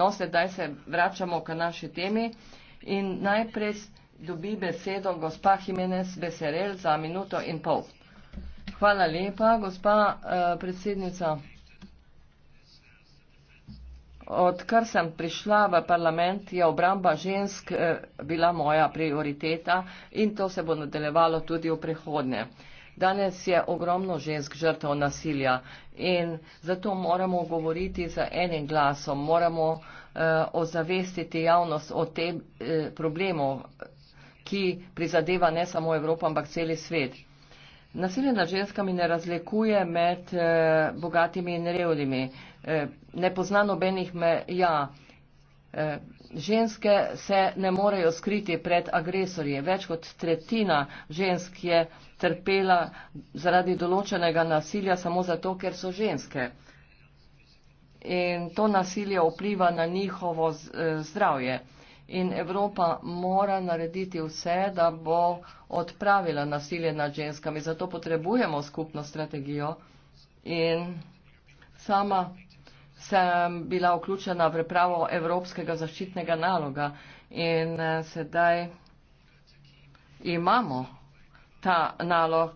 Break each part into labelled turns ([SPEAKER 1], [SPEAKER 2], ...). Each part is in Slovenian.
[SPEAKER 1] No, sedaj se vračamo k naši temi in najprej dobi besedo gospa Jimenez Beserel za minuto in pol. Hvala lepa, gospa eh, predsednica. Odkar sem prišla v parlament, je obramba žensk eh, bila moja prioriteta in to se bo nadaljevalo tudi v prihodnje. Eh, Danes je ogromno žensk žrtev nasilja in zato moramo govoriti za enim glasom, moramo eh, ozavestiti javnost o tem eh, problemu, ki prizadeva ne samo Evropo, ampak celi svet. Nasilje nad ženskami ne razlikuje med eh, bogatimi in revnimi. Eh, ne pozna nobenih meja. Eh, ženske se ne morejo skriti pred agresorji. Več kot tretjina žensk je trpela zaradi določenega nasilja samo zato, ker so ženske. In to nasilje vpliva na njihovo eh, zdravje. In Evropa mora narediti vse, da bo odpravila nasilje nad ženskami. Zato potrebujemo skupno strategijo. In sama sem bila vključena v pripravo Evropskega zaščitnega naloga in eh, sedaj imamo ta nalog,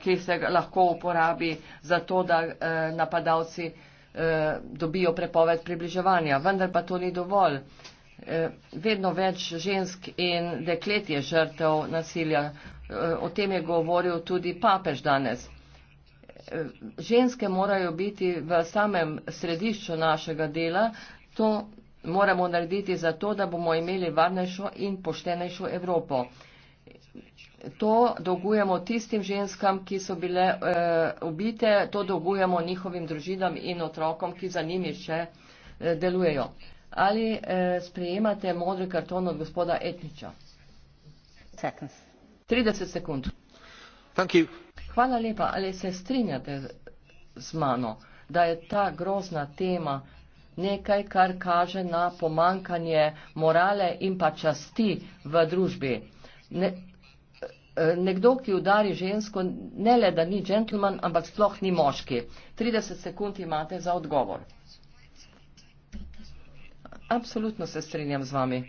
[SPEAKER 1] ki se lahko uporabi za to, da eh, napadalci eh, dobijo prepoved približevanja. Vendar pa to ni dovolj. Vedno več žensk in deklet je žrtev nasilja. O tem je govoril tudi papež danes ženske morajo biti v samem središču našega dela. To moramo narediti zato, da bomo imeli varnejšo in poštenejšo Evropo. To dolgujemo tistim ženskam, ki so bile uh, ubite, to dolgujemo njihovim družinam in otrokom, ki za njimi še uh, delujejo. Ali uh, sprejemate modri karton od gospoda Etniča? 30 sekund. 30 sekund. Hvala lepa, ali se strinjate z mano, da je ta grozna tema nekaj, kar kaže na pomankanje morale in pa časti v družbi. Ne, eh, nekdo, ki udari žensko, ne le, da ni džentlman, ampak sploh ni moški. 30 sekund imate za odgovor. Absolutno se strinjam z vami.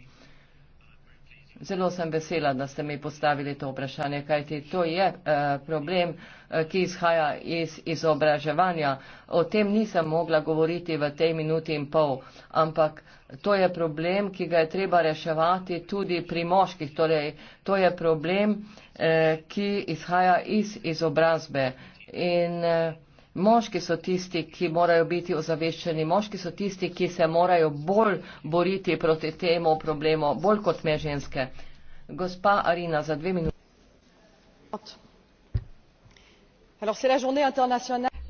[SPEAKER 1] Zelo sem vesela, da ste mi postavili to vprašanje, kajti to je eh, problem, eh, ki izhaja iz izobraževanja. O tem nisem mogla govoriti v tej minuti in pol, ampak to je problem, ki ga je treba reševati tudi pri moških. Torej, to je problem, eh, ki izhaja iz izobrazbe. In, eh, Moški so tisti, ki morajo biti ozaveščeni, moški so tisti, ki se morajo bolj boriti proti temu problemu, bolj kot me ženske. Gospa Arina, za dve minute.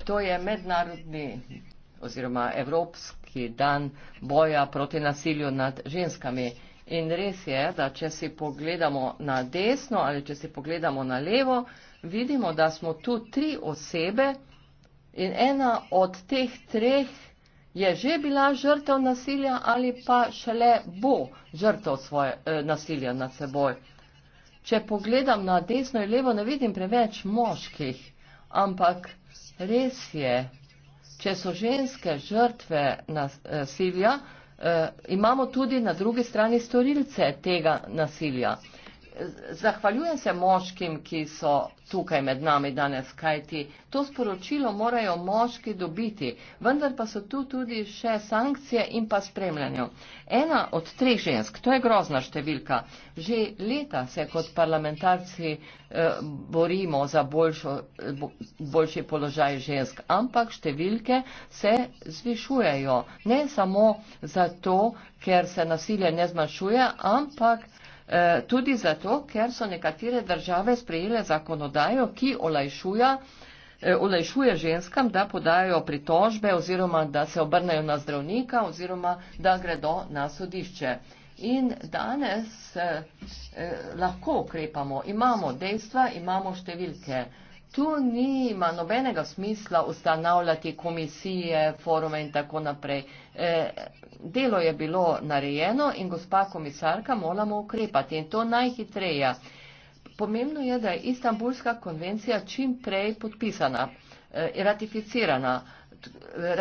[SPEAKER 1] To je mednarodni oziroma evropski dan boja proti nasilju nad ženskami. In res je, da če si pogledamo na desno ali če si pogledamo na levo, vidimo, da smo tu tri osebe, in ena od teh treh je že bila žrtev nasilja ali pa šele bo žrtev svoje, eh, nasilja nad seboj. Če pogledam na desno in levo, ne vidim preveč moških, ampak res je, če so ženske žrtve nasilja, eh, imamo tudi na drugi strani storilce tega nasilja zahvaljujem se moškim, ki so tukaj med nami danes, kajti to sporočilo morajo moški dobiti, vendar pa so tu tudi še sankcije in pa spremljanje. Ena od treh žensk, to je grozna številka, že leta se kot parlamentarci eh, borimo za boljšo, bo, boljši položaj žensk, ampak številke se zvišujejo, ne samo zato, ker se nasilje ne zmanjšuje, ampak Eh, tudi zato, ker so nekatere države sprejele zakonodajo, ki olajšuje, eh, olajšuje ženskam, da podajo pritožbe oziroma da se obrnejo na zdravnika oziroma da gredo na sodišče. In danes eh, eh lahko ukrepamo, imamo dejstva, imamo številke. Eh, Tu nima nobenega smisla ustanavljati komisije, forume in tako naprej. E, delo je bilo narejeno in gospa komisarka moramo ukrepati in to najhitreje. Pomembno je, da je Istanbulska konvencija čim prej podpisana, e, ratificirana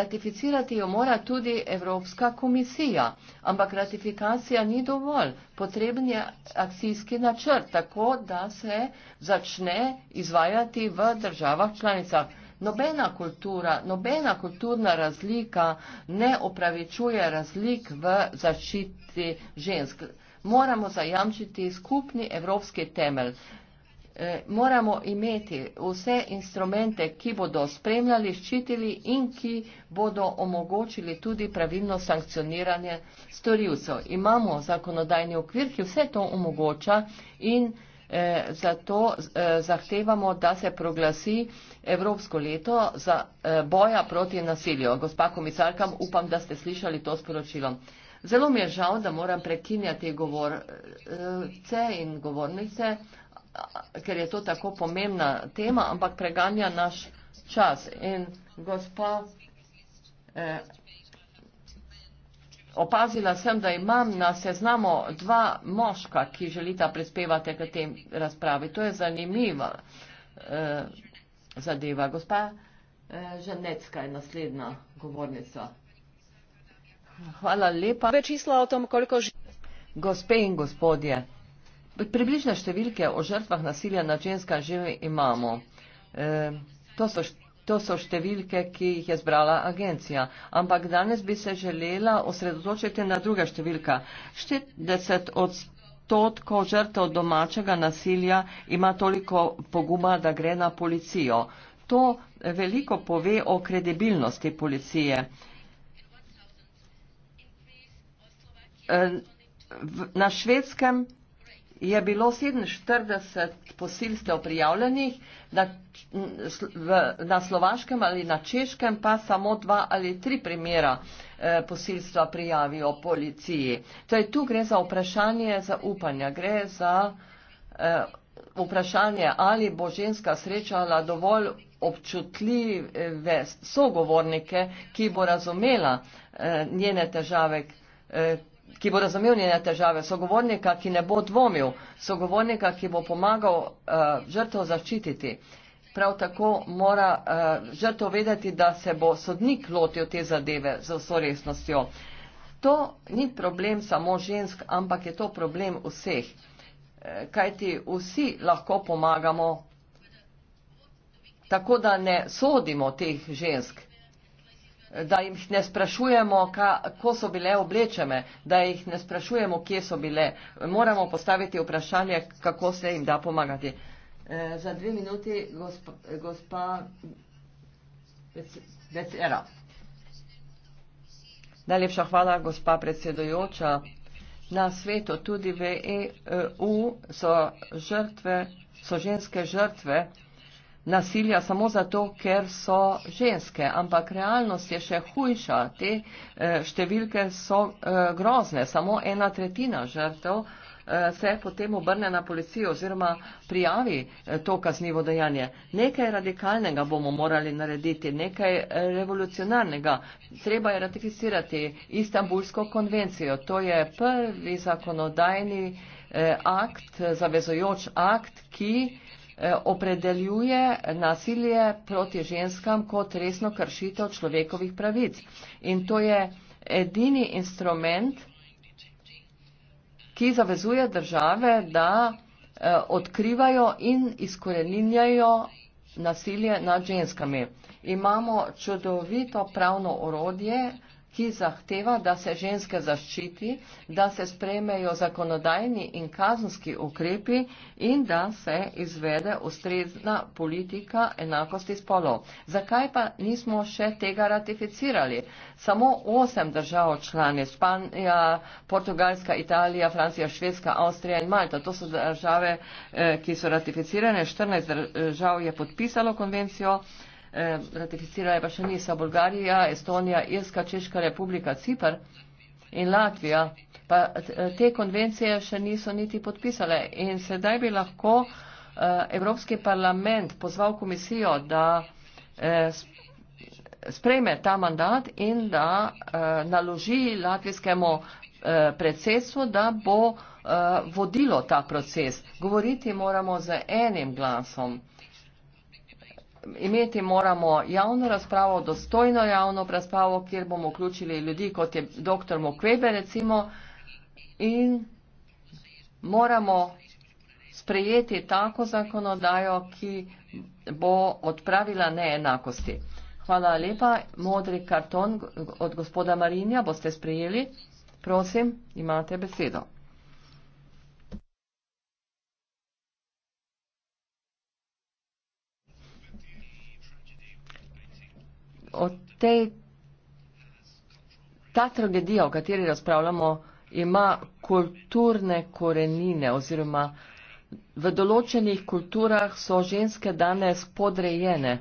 [SPEAKER 1] ratificirati jo mora tudi Evropska komisija, ampak ratifikacija ni dovolj. Potreben je akcijski načrt, tako da se začne izvajati v državah članicah. Nobena kultura, nobena kulturna razlika ne opravičuje razlik v zaščiti žensk. Moramo zajamčiti skupni evropski temelj. Eh, moramo imeti vse instrumente, ki bodo spremljali, ščitili in ki bodo omogočili tudi pravilno sankcioniranje storilcev. Imamo zakonodajni okvir, ki vse to omogoča in eh, zato eh, zahtevamo, da se proglasi Evropsko leto za eh, boja proti nasilju. Gospa komisarka, upam, da ste slišali to sporočilo. Zelo mi je žal, da moram prekinjati govorce eh, in govornice, ker je to tako pomembna tema, ampak preganja naš čas. In gospa, eh, opazila sem, da imam na seznamu dva moška, ki želita prispevati k tem razpravi. To je zanimiva eh, zadeva. Gospa eh, Ženecka je naslednja govornica. Hvala lepa. Gospe in gospodje. Približne številke o žrtvah nasilja nad ženskami že imamo. E, to, so, to so številke, ki jih je zbrala agencija. Ampak danes bi se želela osredotočiti na druga številka. 40 odstotkov žrtev domačega nasilja ima toliko poguma, da gre na policijo. To veliko pove o kredibilnosti policije. E, v, na švedskem je bilo 47 posilstev prijavljenih, na, v, na slovaškem ali na češkem pa samo dva ali tri primera eh, posilstva prijavijo policiji. Torej, tu gre za vprašanje zaupanja, gre za eh, vprašanje, ali bo ženska srečala dovolj občutljive sogovornike, ki bo razumela eh, njene težave. Eh, ki bo razumel njene težave, sogovornika, ki ne bo dvomil, sogovornika, ki bo pomagal uh, eh, žrtvo zaščititi. Prav tako mora uh, eh, žrtvo vedeti, da se bo sodnik lotil te zadeve z vso resnostjo. To ni problem samo žensk, ampak je to problem vseh, eh, kajti vsi lahko pomagamo, tako da ne sodimo teh žensk da jih ne sprašujemo, kako so bile oblečene, da jih ne sprašujemo, kje so bile. Moramo postaviti vprašanje, kako se jim da pomagati. E, za dve minuti, gospa, gospa Becera. Najlepša hvala, gospa predsedojoča. Na svetu, tudi v EU, e, so, žrtve, so ženske žrtve nasilja samo zato, ker so ženske, ampak realnost je še hujša. Te eh, številke so eh, grozne. Samo ena tretjina žrtev eh, se potem obrne na policijo oziroma prijavi to kaznivo dejanje. Nekaj radikalnega bomo morali narediti, nekaj revolucionarnega. Treba je ratificirati Istanbulsko konvencijo. To je prvi zakonodajni akt, zavezojoč akt, ki Eh, opredeljuje nasilje proti ženskam kot resno kršitev človekovih pravic. In to je edini instrument, ki zavezuje države, da eh, odkrivajo in izkoreninjajo nasilje nad ženskami. Imamo čudovito pravno orodje, ki zahteva, da se ženske zaščiti, da se spremejo zakonodajni in kazenski ukrepi in da se izvede ustrezna politika enakosti spolov. Zakaj pa nismo še tega ratificirali? Samo osem držav člani, Spanija, Portugalska, Italija, Francija, Švedska, Avstrija in Malta, to so države, eh, ki so ratificirane, 14 držav je podpisalo konvencijo. Eh, ratificirale pa še niso Bolgarija, Estonija, Irska, Češka republika, Cipr in Latvija. Pa eh, te konvencije še niso niti podpisale in sedaj bi lahko eh, Evropski parlament pozval komisijo, da sprejme ta mandat in da naloži latvijskemu predsedstvu, da bo vodilo ta proces. Govoriti moramo z enim glasom imeti moramo javno razpravo, dostojno javno razpravo, kjer bomo vključili ljudi, kot je dr. Mukwebe recimo, in moramo sprejeti tako zakonodajo, ki bo odpravila neenakosti. Hvala lepa. Modri karton od gospoda Marinja boste sprejeli. Prosim, imate besedo. o tej, ta tragedija, o kateri razpravljamo, ima kulturne korenine oziroma v določenih kulturah so ženske danes podrejene.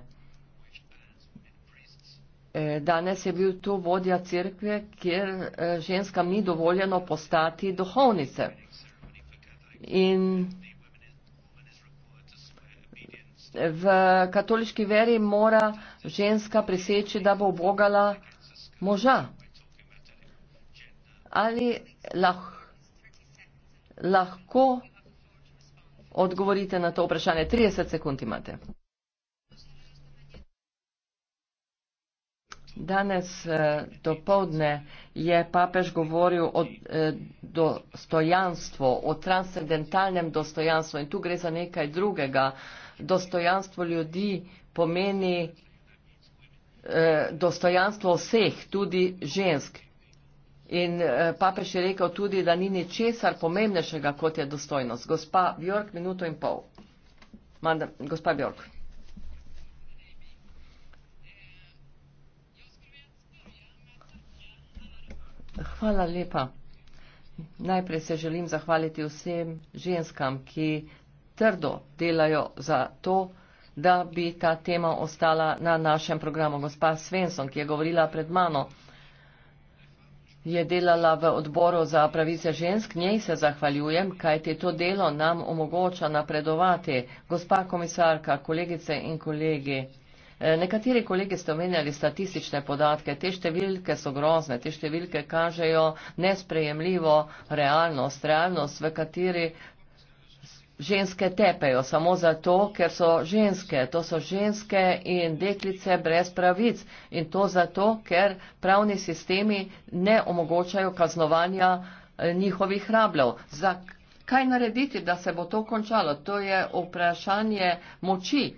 [SPEAKER 1] E, danes je bil tu vodja cerkve, kjer e, ženskam ni dovoljeno postati duhovnice. In v katoliški veri mora ženska preseči, da bo obogala moža. Ali lah, lahko odgovorite na to vprašanje? 30 sekund imate. Danes eh, do povdne je papež govoril o eh, dostojanstvu, o transcendentalnem dostojanstvu in tu gre za nekaj drugega dostojanstvo ljudi pomeni eh, dostojanstvo vseh, tudi žensk. In eh, papež je rekel tudi, da ni ničesar pomembnejšega, kot je dostojnost. Gospa Bjork, minuto in pol. Manda, gospa Bjork. Hvala lepa. Najprej se želim zahvaliti vsem ženskam, ki trdo delajo za to, da bi ta tema ostala na našem programu. Gospa Svensson, ki je govorila pred mano, je delala v odboru za pravice žensk. Njej se zahvaljujem, kajti to delo nam omogoča napredovati. Gospa komisarka, kolegice in kolegi, eh, nekateri kolegi ste omenjali statistične podatke. Te številke so grozne, te številke kažejo nesprejemljivo realnost, realnost, v kateri ženske tepejo samo zato, ker so ženske. To so ženske in deklice brez pravic. In to zato, ker pravni sistemi ne omogočajo kaznovanja eh, njihovih rabljev. Kaj narediti, da se bo to končalo? To je vprašanje moči.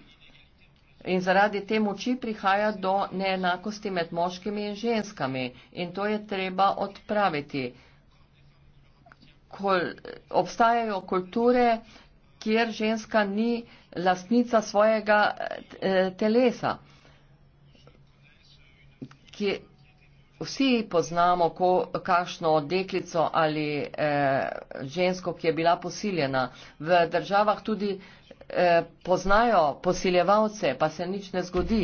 [SPEAKER 1] In zaradi te moči prihaja do neenakosti med moškimi in ženskami. In to je treba odpraviti. Kol, obstajajo kulture, kjer ženska ni lastnica svojega eh, telesa. Kje, vsi poznamo, ko, kakšno deklico ali eh, žensko, ki je bila posiljena. V državah tudi eh, poznajo posiljevalce, pa se nič ne zgodi.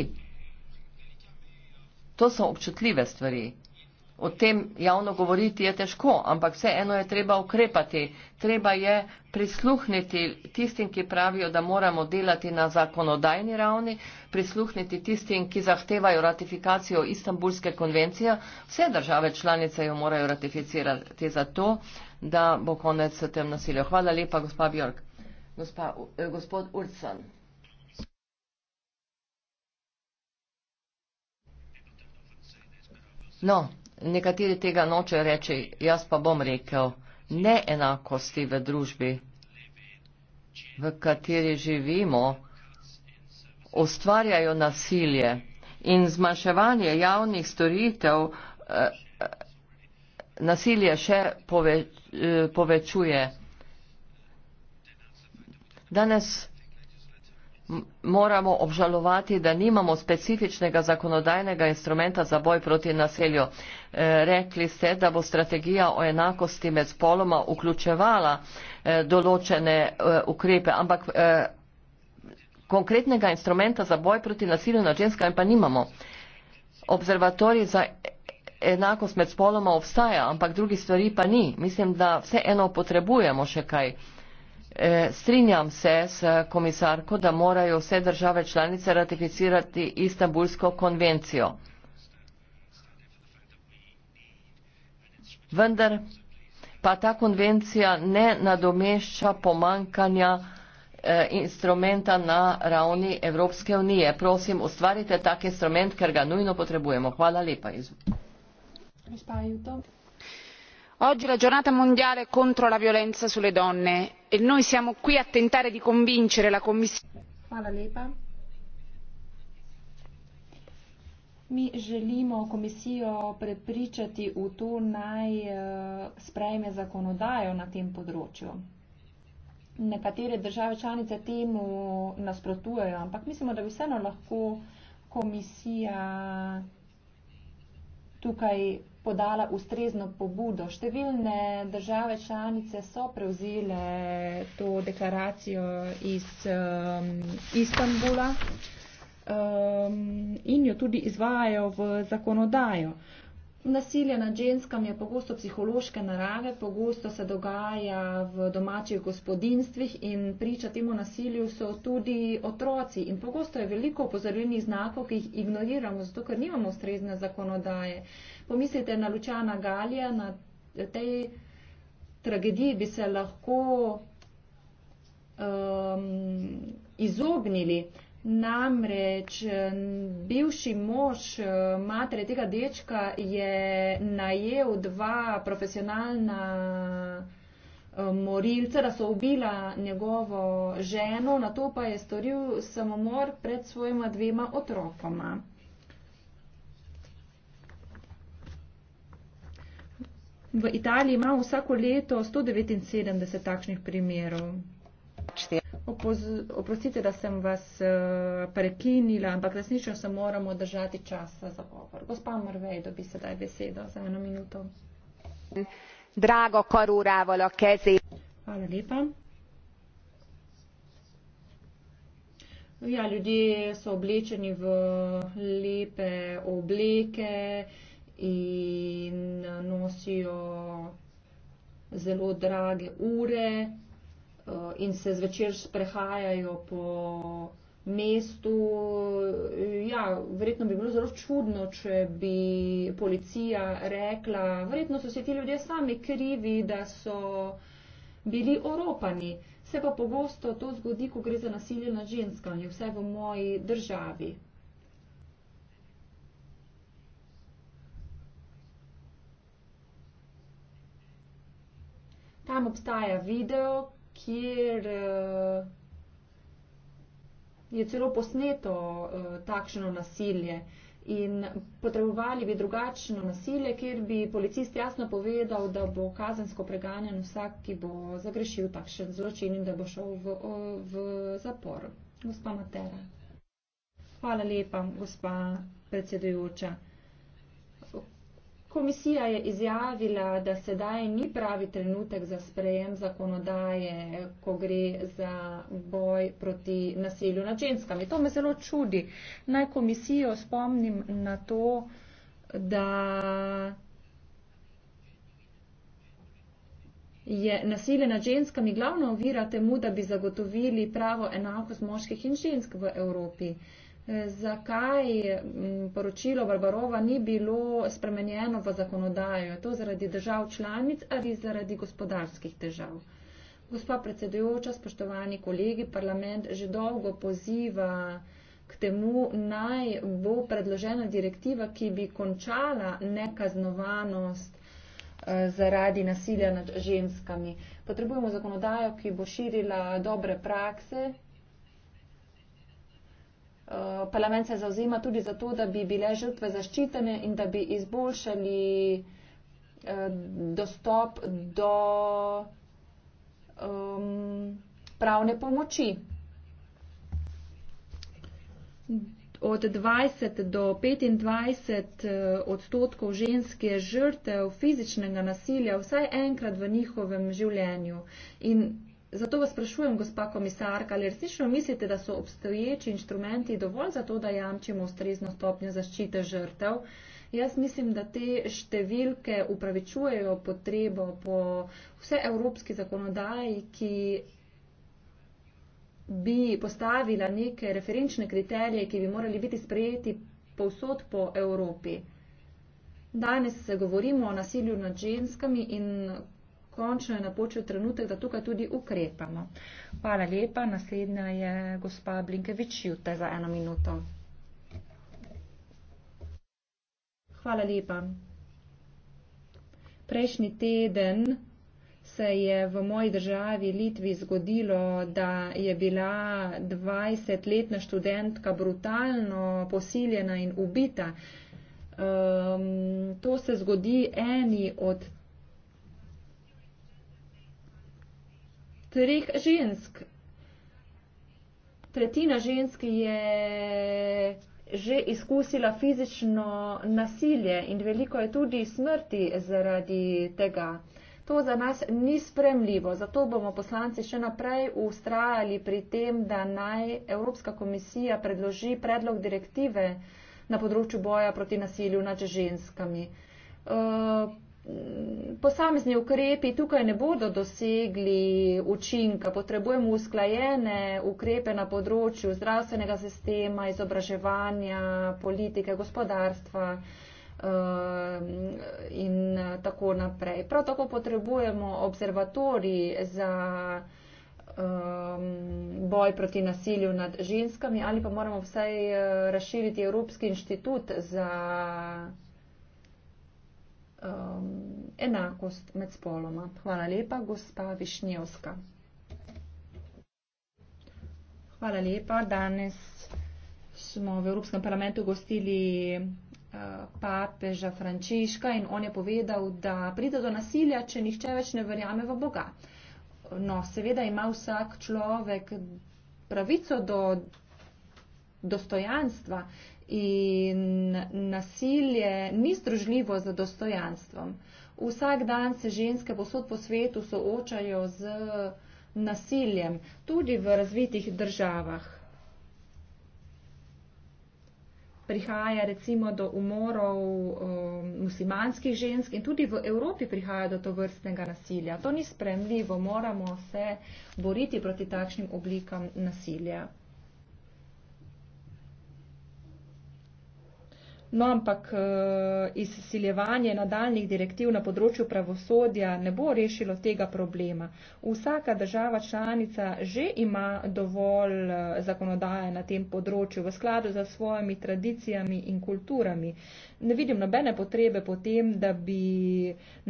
[SPEAKER 1] To so občutljive stvari. O tem javno govoriti je težko, ampak vseeno je treba ukrepati. Treba je prisluhniti tistim, ki pravijo, da moramo delati na zakonodajni ravni, prisluhniti tistim, ki zahtevajo ratifikacijo Istanbulske konvencije. Vse države članice jo morajo ratificirati za to, da bo konec tem nasilju. Hvala lepa, gospa Bjork. Gospa, eh, gospod Ulcan. No nekateri tega noče reči, jaz pa bom rekel, neenakosti v družbi, v kateri živimo, ustvarjajo nasilje in zmanjševanje javnih storitev eh, eh, nasilje še poveč, eh, povečuje. Danes moramo obžalovati, da nimamo specifičnega zakonodajnega instrumenta za boj proti nasilju. E, rekli ste, da bo strategija o enakosti med spoloma vključevala e, določene e, ukrepe, ampak e, konkretnega instrumenta za boj proti nasilju na ženskami pa nimamo. Observatorij za enakost med spoloma obstaja, ampak drugih stvari pa ni. Mislim, da vseeno potrebujemo še kaj. Eh, strinjam se s komisarko, da morajo vse države članice ratificirati Istanbulsko konvencijo. Vendar pa ta konvencija ne nadomešča pomankanja eh, instrumenta na ravni Evropske unije. Prosim, ustvarite tak instrument, ker ga nujno potrebujemo. Hvala lepa
[SPEAKER 2] oggi è la giornata mondiale contro la violenza sulle donne e noi siamo qui a tentare di convincere la commissione. mi želimo komisijo prepričati v to naj eh, sprejme zakonodajo na tem področju. Nekatere države članice temu nasprotujejo, ampak mislimo, da bi vseeno lahko komisija tukaj podala ustrezno pobudo. Številne države članice so prevzele to deklaracijo iz um, Istanbula um, in jo tudi izvajajo v zakonodajo. Uh, Nasilje nad ženskami je pogosto psihološke narave, pogosto se dogaja v domačih gospodinstvih in priča temu nasilju so tudi otroci. In pogosto je veliko opozorilnih znakov, ki jih ignoriramo, zato ker nimamo ustrezne zakonodaje. Pomislite na Lučana Galija, na tej tragediji bi se lahko um, izognili. Namreč bivši mož e, matere tega dečka je najel dva profesionalna e, morilca, da so ubila njegovo ženo, na to pa je storil samomor pred svojima dvema otrokoma. V Italiji ima vsako leto 179 takšnih primerov oprostite, da sem vas eh, prekinila, ampak resnično se moramo držati časa za govor. Gospa Morvej, dobi sedaj besedo za eno minuto. Drago karurávalo kezi. Hvala lepa. Ja, ljudje so oblečeni v lepe obleke in eh, nosijo zelo drage ure, Eh, in se zvečer sprehajajo po mestu. Ja, verjetno bi bilo zelo čudno, če bi policija rekla, verjetno so se ti ljudje sami krivi, da so bili oropani. Se pa pogosto to zgodi, ko gre za nasilje nad ženskami, vse v moji državi. Tam obstaja video, kjer uh, je celo posneto uh, takšno nasilje. In potrebovali bi drugačno nasilje, kjer bi policist jasno povedal, da bo kazensko preganjen vsak, ki bo zagrešil takšen zločin in da bo šel v, v zapor. Gospa Matera. Hvala lepa, gospa predsedujoča. Komisija je izjavila, da sedaj ni pravi trenutek za sprejem zakonodaje, ko gre za boj proti nasilju nad ženskami. To me zelo čudi. Naj komisijo spomnim na to, da je nasilje nad ženskami glavna ovira temu, da bi zagotovili pravo enakost moških in žensk v Evropi. Uh, zakaj mm, poročilo Barbarova ni bilo spremenjeno v zakonodajo. Je to zaradi držav članic ali zaradi gospodarskih težav? Gospa predsedujoča, spoštovani kolegi, parlament že dolgo poziva k temu, naj bo predložena direktiva, ki bi končala nekaznovanost eh, zaradi nasilja nad ženskami. Potrebujemo zakonodajo, ki bo širila dobre prakse, Eh, parlament se zauzema tudi za to, da bi bile žrtve zaščitene in da bi izboljšali eh, dostop do um, pravne pomoči. Od 20 do 25 eh, odstotkov žensk je žrtev fizičnega nasilja vsaj enkrat v njihovem življenju. In Zato vas sprašujem, gospa komisarka, ali resnično mislite, da so obstoječi inštrumenti dovolj za to, da jamčimo ustrezno stopnjo zaščite žrtev? Jaz mislim, da te številke upravičujejo potrebo po vse evropski zakonodaji, ki bi postavila neke referenčne kriterije, ki bi morali biti sprejeti povsod po Evropi. Danes govorimo o nasilju nad ženskami in končno je napočil trenutek, da tukaj tudi ukrepamo. Hvala lepa. Naslednja je gospa Blinkevič Jute za eno minuto. Hvala lepa. Prejšnji teden se je v moji državi Litvi zgodilo, da je bila 20-letna študentka brutalno posiljena in ubita. Um, to se zgodi eni od treh žensk. Tretjina žensk je že izkusila fizično nasilje in veliko je tudi smrti zaradi tega. To za nas ni spremljivo, zato bomo poslanci še naprej ustrajali pri tem, da naj Evropska komisija predloži predlog direktive na področju boja proti nasilju nad ženskami. Eh, posamezni ukrepi tukaj ne bodo dosegli učinka. Potrebujemo usklajene ukrepe na področju zdravstvenega sistema, izobraževanja, politike, gospodarstva um, in tako naprej. Prav tako potrebujemo observatorij za um, boj proti nasilju nad ženskami ali pa moramo vsaj uh, razširiti Evropski inštitut za um, enakost med spoloma. Hvala lepa, gospa Višnjevska. Hvala lepa. Danes smo v Evropskem parlamentu gostili uh, papeža Frančiška in on je povedal, da pride do nasilja, če nihče več ne verjame v Boga. No, seveda ima vsak človek pravico do dostojanstva, in nasilje ni združljivo z dostojanstvom. Vsak dan se ženske posod po svetu soočajo z nasiljem, tudi v razvitih državah. Prihaja recimo do umorov um, muslimanskih žensk in tudi v Evropi prihaja do to vrstnega nasilja. To ni spremljivo, moramo se boriti proti takšnim oblikam nasilja. No, ampak eh, izsiljevanje nadaljnih direktiv na področju pravosodja ne bo rešilo tega problema. Vsaka država članica že ima dovolj eh, zakonodaje na tem področju v skladu za svojimi tradicijami in kulturami. Ne vidim nobene potrebe potem, da bi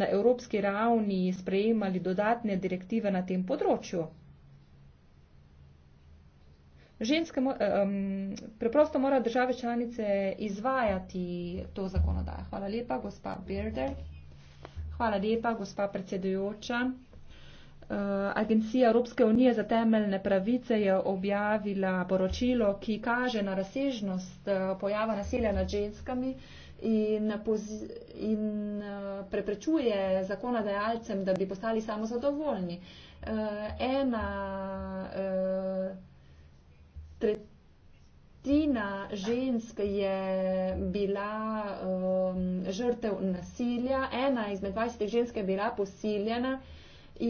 [SPEAKER 2] na evropski ravni sprejemali dodatne direktive na tem področju. Ženske, eh, um, preprosto mora države članice izvajati to zakonodajo. Hvala lepa, gospa Birder. Hvala lepa, gospa predsedujoča. Eh, Agencija Evropske unije za temeljne pravice je objavila poročilo, ki kaže na razsežnost eh, pojava nasilja nad ženskami in, in preprečuje zakonodajalcem, da bi postali samozadovoljni. Ena tretjina žensk je bila um, žrtev nasilja, ena izmed 20 žensk je bila posiljena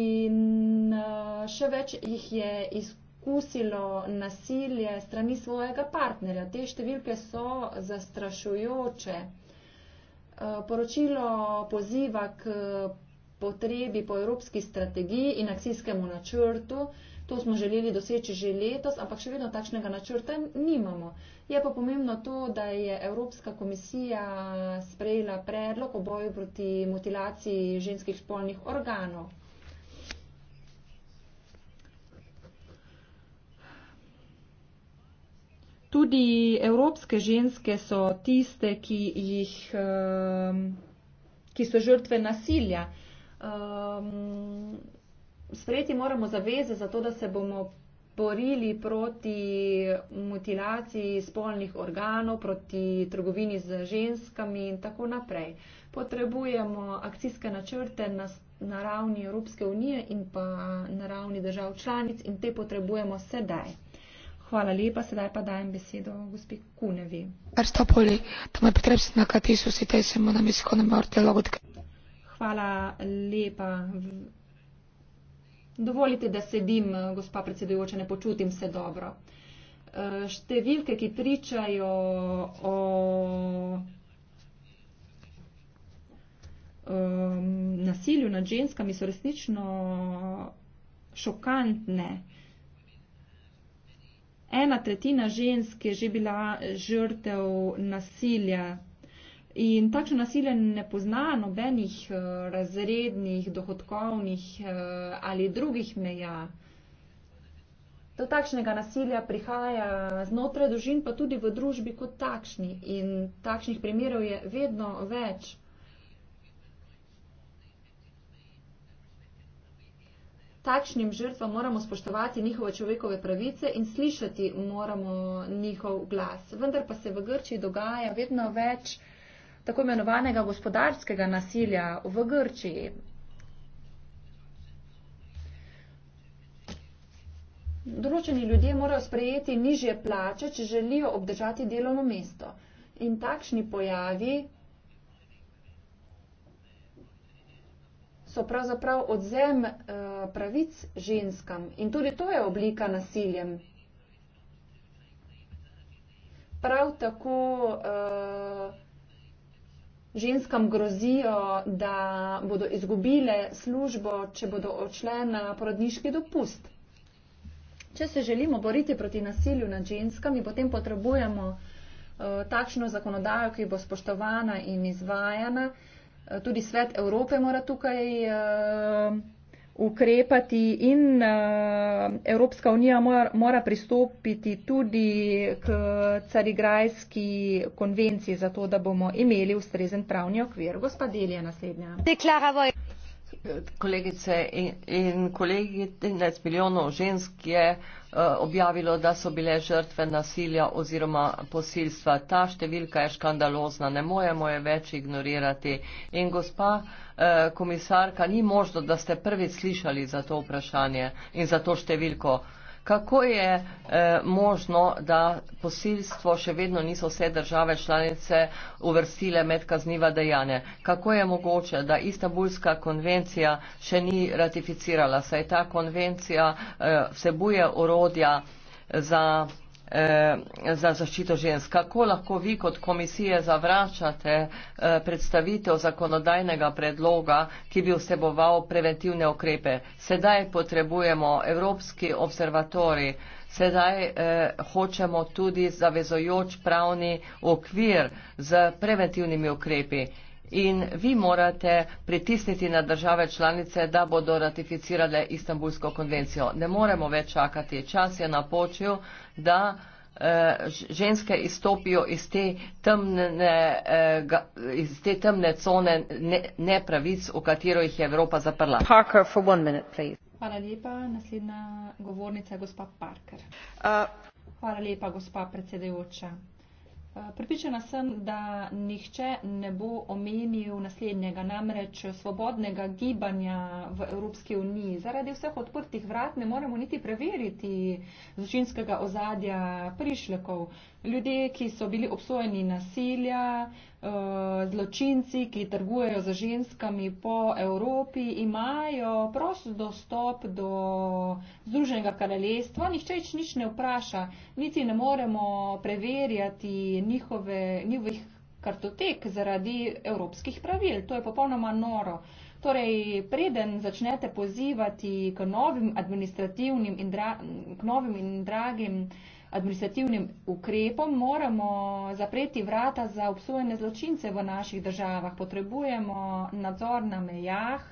[SPEAKER 2] in uh, še več jih je izkusilo nasilje strani svojega partnerja. Te številke so zastrašujoče. Uh, poročilo poziva k uh, potrebi po evropski strategiji in akcijskemu načrtu, To smo želeli doseči že letos, ampak še vedno takšnega načrta nimamo. Je pa pomembno to, da je Evropska komisija sprejela predlog o boju proti mutilaciji ženskih spolnih organov. Tudi evropske ženske so tiste, ki, jih, ehm, ki so žrtve nasilja. Ehm, sprejeti moramo zaveze za to, da se bomo borili proti mutilaciji spolnih organov, proti trgovini z ženskami in tako naprej. Potrebujemo akcijske načrte na, na ravni Evropske unije in pa na ravni držav članic in te potrebujemo sedaj. Hvala lepa, sedaj pa dajem besedo gospi Kunevi. Hvala lepa. Dovolite, da sedim, eh, gospa predsedujoča, ne počutim se dobro. Eh, številke, ki pričajo o um, nasilju nad ženskami, so resnično šokantne. Ena tretjina žensk je že bila žrtev nasilja In takšno nasilje ne pozna nobenih eh, razrednih, dohodkovnih eh, ali drugih meja. Do takšnega nasilja prihaja znotraj družin, pa tudi v družbi kot takšni. In takšnih primerov je vedno več. Takšnim žrtvam moramo spoštovati njihove človekove pravice in slišati moramo njihov glas. Vendar pa se v Grčiji dogaja vedno več tako imenovanega gospodarskega nasilja v Grčiji. Določeni ljudje morajo sprejeti nižje plače, če želijo obdržati delovno mesto. In takšni pojavi so pravzaprav odzem eh, pravic ženskam. In tudi to je oblika nasiljem. Prav tako uh, ženskam grozijo, da bodo izgubile službo, če bodo odšle na porodniški dopust. Če se želimo boriti proti nasilju nad ženskami, potem potrebujemo takšno zakonodajo, ki bo spoštovana in izvajana. Tudi svet Evrope mora tukaj ukrepati in eh, Evropska unija mora, mora pristopiti tudi k carigrajski konvenciji, zato da bomo imeli ustrezen pravni okvir. Gospa Delija, naslednja
[SPEAKER 1] kolegice in kolegi, 13 milijonov žensk je eh, objavilo, da so bile žrtve nasilja oziroma posilstva. Ta številka je škandalozna, ne mojemo je več ignorirati. In gospa eh, komisarka, ni možno, da ste prvi slišali za to vprašanje in za to številko kako je eh, možno, da posilstvo še vedno niso vse države članice uvrstile med kazniva dejanja? Kako je mogoče, da Istanbulska konvencija še ni ratificirala, saj ta konvencija eh, vsebuje orodja za Eh, za zaščito žensk. Kako lahko vi kot komisije zavračate eh, predstavitev zakonodajnega predloga, ki bi vseboval preventivne ukrepe? Sedaj potrebujemo Evropski observatori, sedaj eh, hočemo tudi zavezojoč pravni okvir z preventivnimi ukrepi in vi morate pritisniti na države članice, da bodo ratificirale Istanbulsko konvencijo. Ne moremo več čakati. Čas je napočil, da eh, ženske izstopijo iz te temne, eh, iz te temne cone nepravic, v katero jih je Evropa zaprla. Parker, for one minute, please.
[SPEAKER 2] Hvala lepa. Naslednja govornica je gospa Parker.
[SPEAKER 1] Uh,
[SPEAKER 2] Hvala lepa, gospa predsedujoča. Pripričana sem, da nihče ne bo omenil naslednjega, namreč svobodnega gibanja v Evropski uniji. Zaradi vseh odprtih vrat ne moremo niti preveriti zločinskega ozadja prišlekov. Ljudje, ki so bili obsojeni nasilja, Eh, zločinci, ki trgujejo za ženskami po Evropi, imajo prost dostop do Združenega kraljestva. Nihče jih nič ne vpraša, niti ne moremo preverjati njihove, njihovih kartotek zaradi evropskih pravil. To je popolnoma noro. Torej, preden začnete pozivati k novim administrativnim in, dra, k novim in dragim uh, administrativnim ukrepom moramo zapreti vrata za obsojene zločince v naših državah. Potrebujemo nadzor na mejah,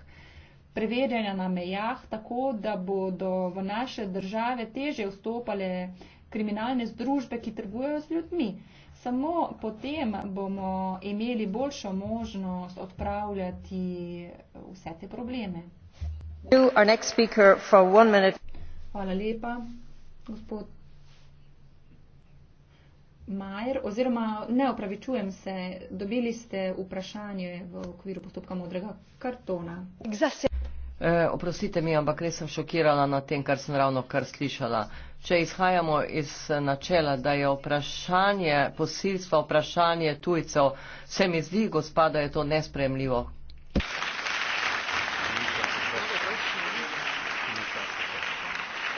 [SPEAKER 2] preverjanja na mejah, tako da bodo v naše države teže vstopale kriminalne združbe, ki trgujejo z ljudmi. Samo potem bomo imeli boljšo možnost odpravljati vse te probleme. Hvala lepa, gospod Majer, oziroma ne opravičujem se, dobili ste vprašanje v okviru postopka modrega kartona.
[SPEAKER 1] Se... E, oprostite mi, ampak res sem šokirala na tem, kar sem ravno kar slišala. Če izhajamo iz e, načela, da je vprašanje posilstva vprašanje tujcev, se mi zdi, gospoda, je to nespremljivo.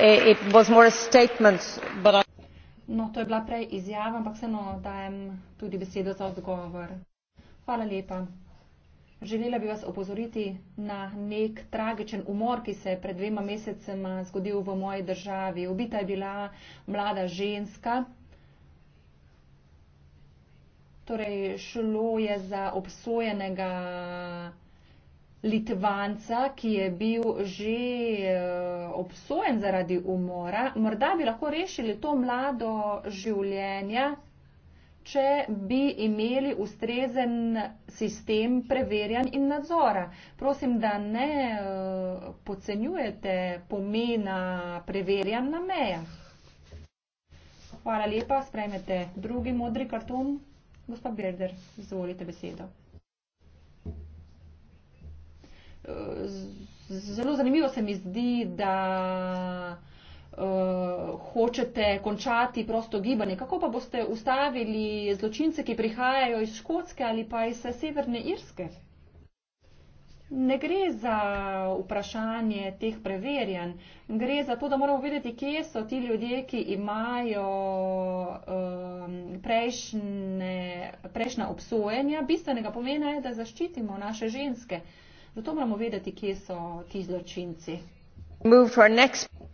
[SPEAKER 1] Eh, it, it
[SPEAKER 2] No, to je bila prej izjava, ampak vseeno dajem tudi besedo za odgovor. Hvala lepa. Želela bi vas opozoriti na nek tragičen umor, ki se je pred dvema mesecema zgodil v moji državi. Ubita je bila mlada ženska. Torej, šlo je za obsojenega Litvanca, ki je bil že eh, obsojen zaradi umora, morda bi lahko rešili to mlado življenje, če bi imeli ustrezen sistem preverjanja in nadzora. Prosim, da ne eh, pocenjujete pomena preverjanja na mejah. Hvala lepa, sprejmete drugi modri karton. Gospod Berder, izvolite besedo zelo zanimivo se mi zdi, da uh, hočete končati prosto gibanje. Kako pa boste ustavili zločince, ki prihajajo iz Škotske ali pa iz eh, Severne Irske? Ne gre za vprašanje teh preverjanj, gre za to, da moramo vedeti, kje so ti ljudje, ki imajo um, prejšnje, prejšnja obsojenja. Bistvenega pomena je, da zaščitimo naše ženske. Uh, Zato moramo vedeti, kje so ti zločinci.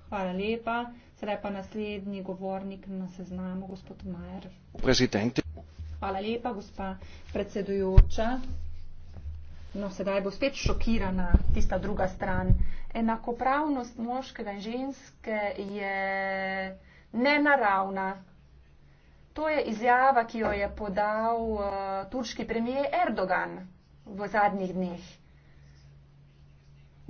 [SPEAKER 2] Hvala lepa. Sedaj pa naslednji govornik na seznamu, gospod Majer. Prezidente. Hvala lepa, gospa predsedujoča. No, sedaj bo spet šokirana tista druga stran. Enakopravnost moškega in ženske je nenaravna. To je izjava, ki jo je podal uh, turški premijer Erdogan v zadnjih dneh.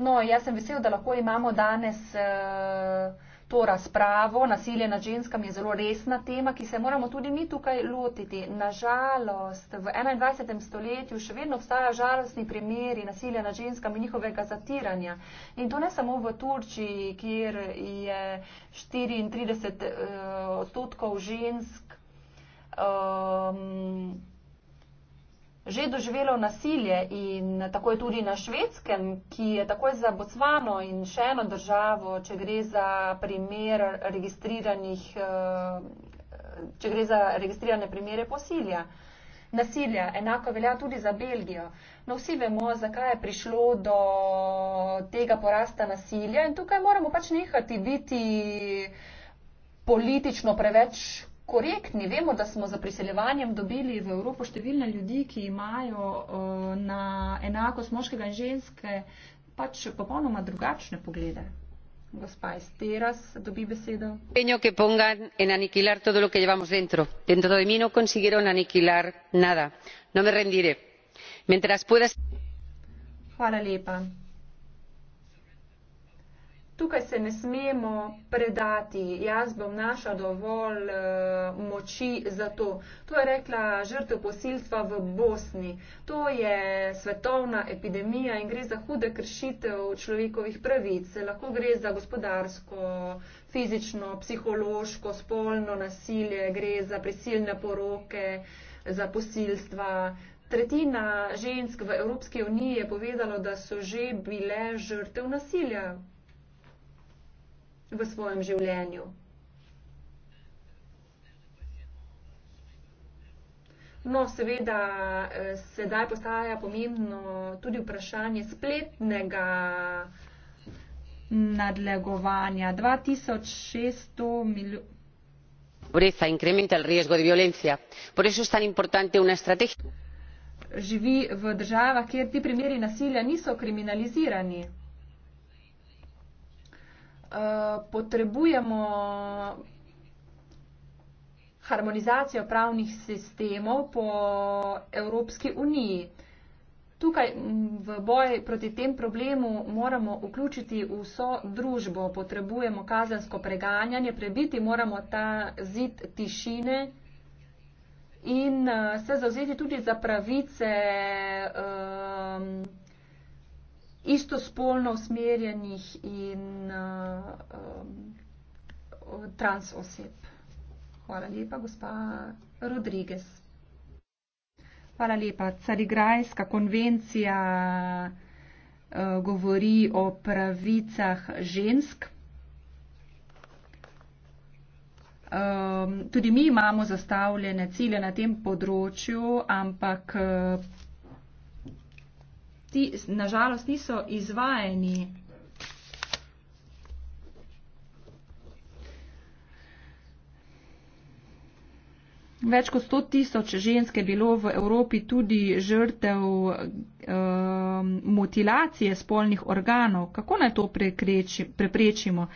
[SPEAKER 2] No, jaz sem vesel, da lahko imamo danes uh, to razpravo. Nasilje nad ženskami je zelo resna tema, ki se moramo tudi mi tukaj lotiti. Nažalost, v 21. stoletju še vedno obstajajo žalostni primeri nasilja nad ženskami in njihovega zatiranja. In to ne samo v Turčiji, kjer je 34 eh, odstotkov uh, žensk. Um, že doživelo nasilje in tako je tudi na švedskem, ki je takoj za Bocvano in še eno državo, če gre za primer registriranih, eh, če gre za registrirane primere posilja. Nasilja enako velja tudi za Belgijo. No, vsi vemo, zakaj je prišlo do tega porasta nasilja in tukaj moramo pač nehati biti politično preveč korektni, vemo, da smo za priseljevanjem dobili v Evropo številne ljudi, ki imajo eh, na enakost moškega in ženske pač popolnoma drugačne poglede. Gospa Esteras dobi besedo.
[SPEAKER 1] Peño que pongan en aniquilar todo lo que llevamos dentro. Dentro de mí no consiguieron aniquilar nada. No me rendiré. Mientras puedas.
[SPEAKER 2] Hvala lepa tukaj se ne smemo predati, jaz bom naša dovolj uh, moči za to. To je rekla žrtev posilstva v Bosni. To je svetovna epidemija in gre za hude kršitev človekovih pravic. Lahko gre za gospodarsko, fizično, psihološko, spolno nasilje, gre za prisilne poroke, za posilstva. Tretjina žensk v Evropski uniji je povedalo, da so že bile žrtev nasilja v svojem življenju. No, seveda, eh, sedaj postaja pomembno tudi vprašanje spletnega nadlegovanja. 2600 milijonov.
[SPEAKER 1] Pobreza incrementa el riesgo de violencia. Por eso es tan importante una estrategia.
[SPEAKER 2] Živi v državah, kjer ti primeri nasilja niso kriminalizirani uh, potrebujemo harmonizacijo pravnih sistemov po Evropski uniji. Tukaj v boj proti tem problemu moramo vključiti vso družbo, potrebujemo kazensko preganjanje, prebiti moramo ta zid tišine in eh, se zauzeti tudi za pravice. Um, istospolno usmerjenih in uh, um, trans oseb. Hvala lepa, gospa Rodriguez. Hvala lepa. Carigrajska konvencija uh, govori o pravicah žensk. Eh, um, tudi mi imamo zastavljene cilje na tem področju, ampak uh, ti nažalost niso izvajeni. Več kot 100 tisoč žensk je bilo v Evropi tudi žrtev um, mutilacije spolnih organov. Kako naj to preprečimo?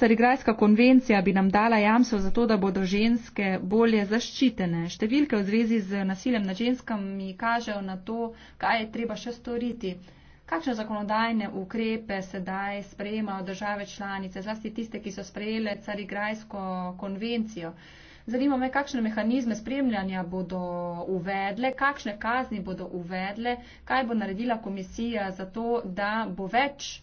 [SPEAKER 2] Carigrajska konvencija bi nam dala jamstvo za to, da bodo ženske bolje zaščitene. Številke v zvezi z nasiljem nad ženskami kažejo na to, kaj je treba še storiti. Kakšne zakonodajne ukrepe sedaj sprejemajo države članice, zlasti tiste, ki so sprejele Carigrajsko konvencijo? Zanima me, kakšne mehanizme spremljanja bodo uvedle, kakšne kazni bodo uvedle, kaj bo naredila komisija za to, da bo več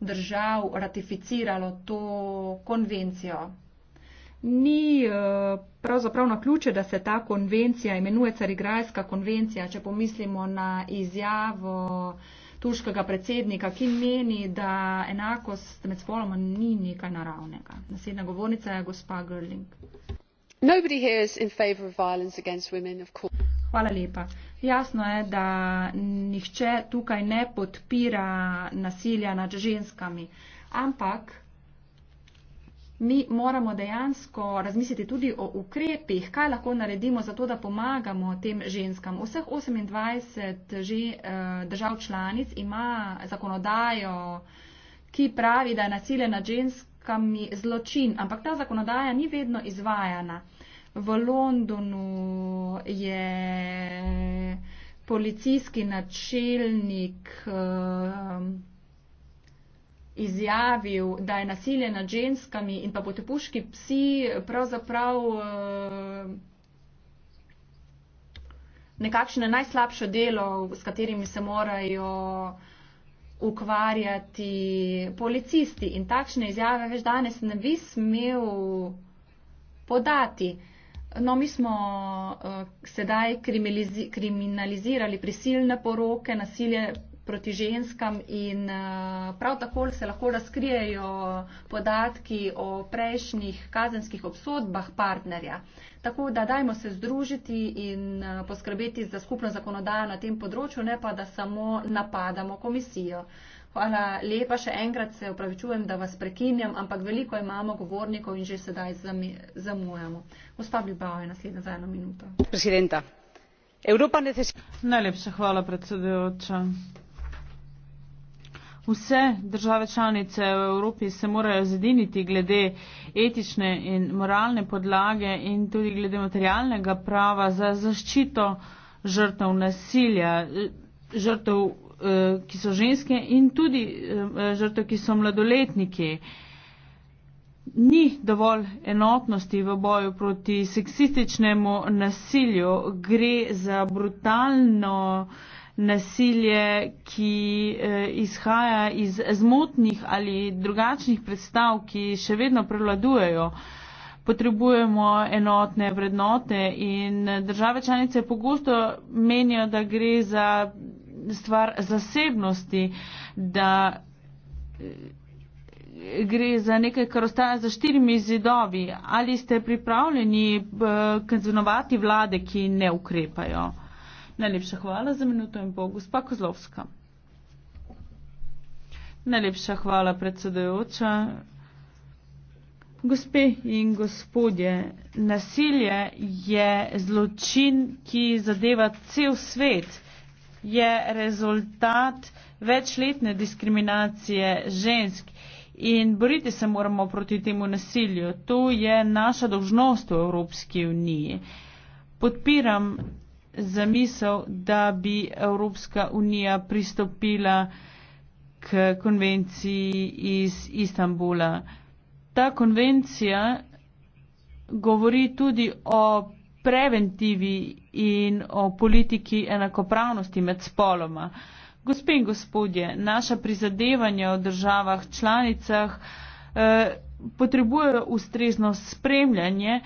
[SPEAKER 2] držav ratificiralo to konvencijo? Ni eh, pravzaprav na ključe, da se ta konvencija imenuje Carigrajska konvencija, če pomislimo na izjavo turškega predsednika, ki meni, da enakost med spoloma ni nekaj naravnega. Naslednja govornica je gospa Görling. Hvala lepa. Jasno je, da nihče tukaj ne podpira nasilja nad ženskami, ampak mi moramo dejansko razmisliti tudi o ukrepih, kaj lahko naredimo za to, da pomagamo tem ženskam. Vseh 28 eh, držav članic ima zakonodajo, ki pravi, da je nasilje nad ženskami zločin, ampak ta zakonodaja ni vedno izvajana v Londonu je policijski načelnik eh, izjavil, da je nasilje nad ženskami in pa potepuški psi pravzaprav eh, nekakšne najslabše delo, s katerimi se morajo ukvarjati policisti. In takšne izjave več danes ne bi smel podati. Uh, No, mi smo uh, sedaj kriminalizi kriminalizirali prisilne poroke, nasilje proti ženskam in uh, prav tako se lahko razkrijejo podatki o prejšnjih kazenskih obsodbah partnerja. Tako da dajmo se združiti in uh, poskrbeti za skupno zakonodajo na tem področju, ne pa da samo napadamo komisijo. Uh, Hvala lepa, še enkrat se upravičujem, da vas prekinjam, ampak veliko imamo govornikov in že sedaj zamujamo. Gospa Bilbao je naslednja za eno minuto.
[SPEAKER 3] Presidenta. Evropa ne necesi... Najlepša hvala, predsedujoča. Vse države članice v Evropi se morajo zediniti glede etične in moralne podlage in tudi glede materialnega prava za zaščito žrtev nasilja, žrtev Eh, ki so ženske in tudi eh, žrtve, ki so mladoletniki. Ni dovolj enotnosti v boju proti seksističnemu nasilju. Gre za brutalno nasilje, ki eh, izhaja iz zmotnih ali drugačnih predstav, ki še vedno prevladujejo. Potrebujemo enotne vrednote in države članice pogosto menijo, da gre za stvar zasebnosti, da eh, gre za nekaj, kar ostaja za štirimi zidovi. Ali ste pripravljeni eh, kaznovati vlade, ki ne ukrepajo? Najlepša hvala za minuto in pol, gospa Kozlovska. Najlepša hvala, predsedujoča. Gospe in gospodje, nasilje je zločin, ki zadeva cel svet je rezultat večletne diskriminacije žensk in boriti se moramo proti temu nasilju. To je naša dožnost v Evropski uniji. Podpiram zamisel, da bi Evropska unija pristopila k konvenciji iz Istanbula. Ta konvencija govori tudi o preventivi in o politiki enakopravnosti med spoloma. Gospe in gospodje, naša prizadevanja v državah članicah eh, potrebujejo ustrezno spremljanje,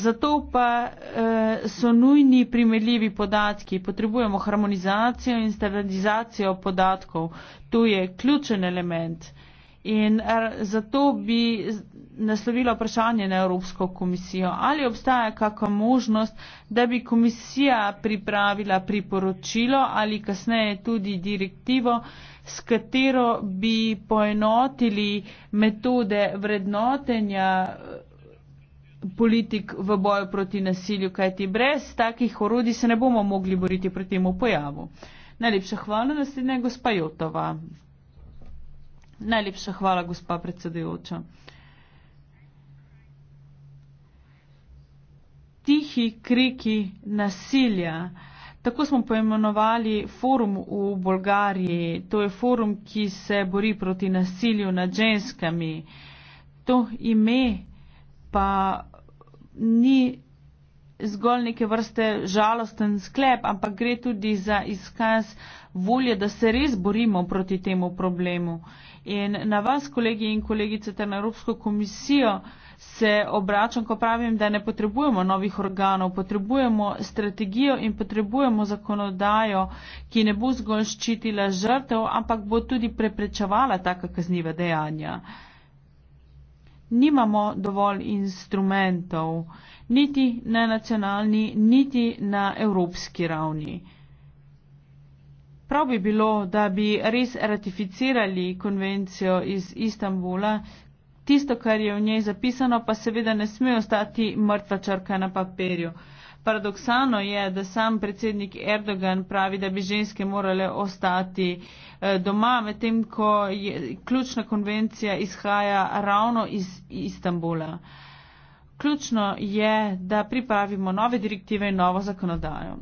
[SPEAKER 3] zato pa eh, so nujni primerljivi podatki. Potrebujemo harmonizacijo in standardizacijo podatkov. To je ključen element. Eh, In eh, zato bi naslovila vprašanje na Evropsko komisijo, ali obstaja kakva možnost, da bi komisija pripravila priporočilo ali kasneje tudi direktivo, s katero bi poenotili metode vrednotenja eh, politik v boju proti nasilju, kajti brez takih orodij se ne bomo mogli boriti proti temu pojavu. Najlepša hvala, naslednja je gospa Jotova. Najlepša hvala, gospa predsedujoča. Tihi kriki nasilja. Tako smo poimenovali forum v Bolgariji. To je forum, ki se bori proti nasilju nad ženskami. To ime pa ni zgolj neke vrste žalosten sklep, ampak gre tudi za izkaz volje, da se res borimo proti temu problemu. In na vas, kolegi in kolegice, ter na Evropsko komisijo se obračam, ko pravim, da ne potrebujemo novih organov, potrebujemo strategijo in potrebujemo zakonodajo, ki ne bo zgolj ščitila žrtev, ampak bo tudi preprečevala taka kazniva dejanja. Nimamo dovolj instrumentov, niti na nacionalni, niti na evropski ravni. Prav bi bilo, da bi res ratificirali konvencijo iz Istanbula. Tisto, kar je v njej zapisano, pa seveda ne sme ostati mrtva črka na papirju. Paradoksano je, da sam predsednik Erdogan pravi, da bi ženske morale ostati eh, doma, medtem ko je ključna konvencija izhaja ravno iz Istanbula. Ključno je, da pripravimo nove direktive in novo zakonodajo.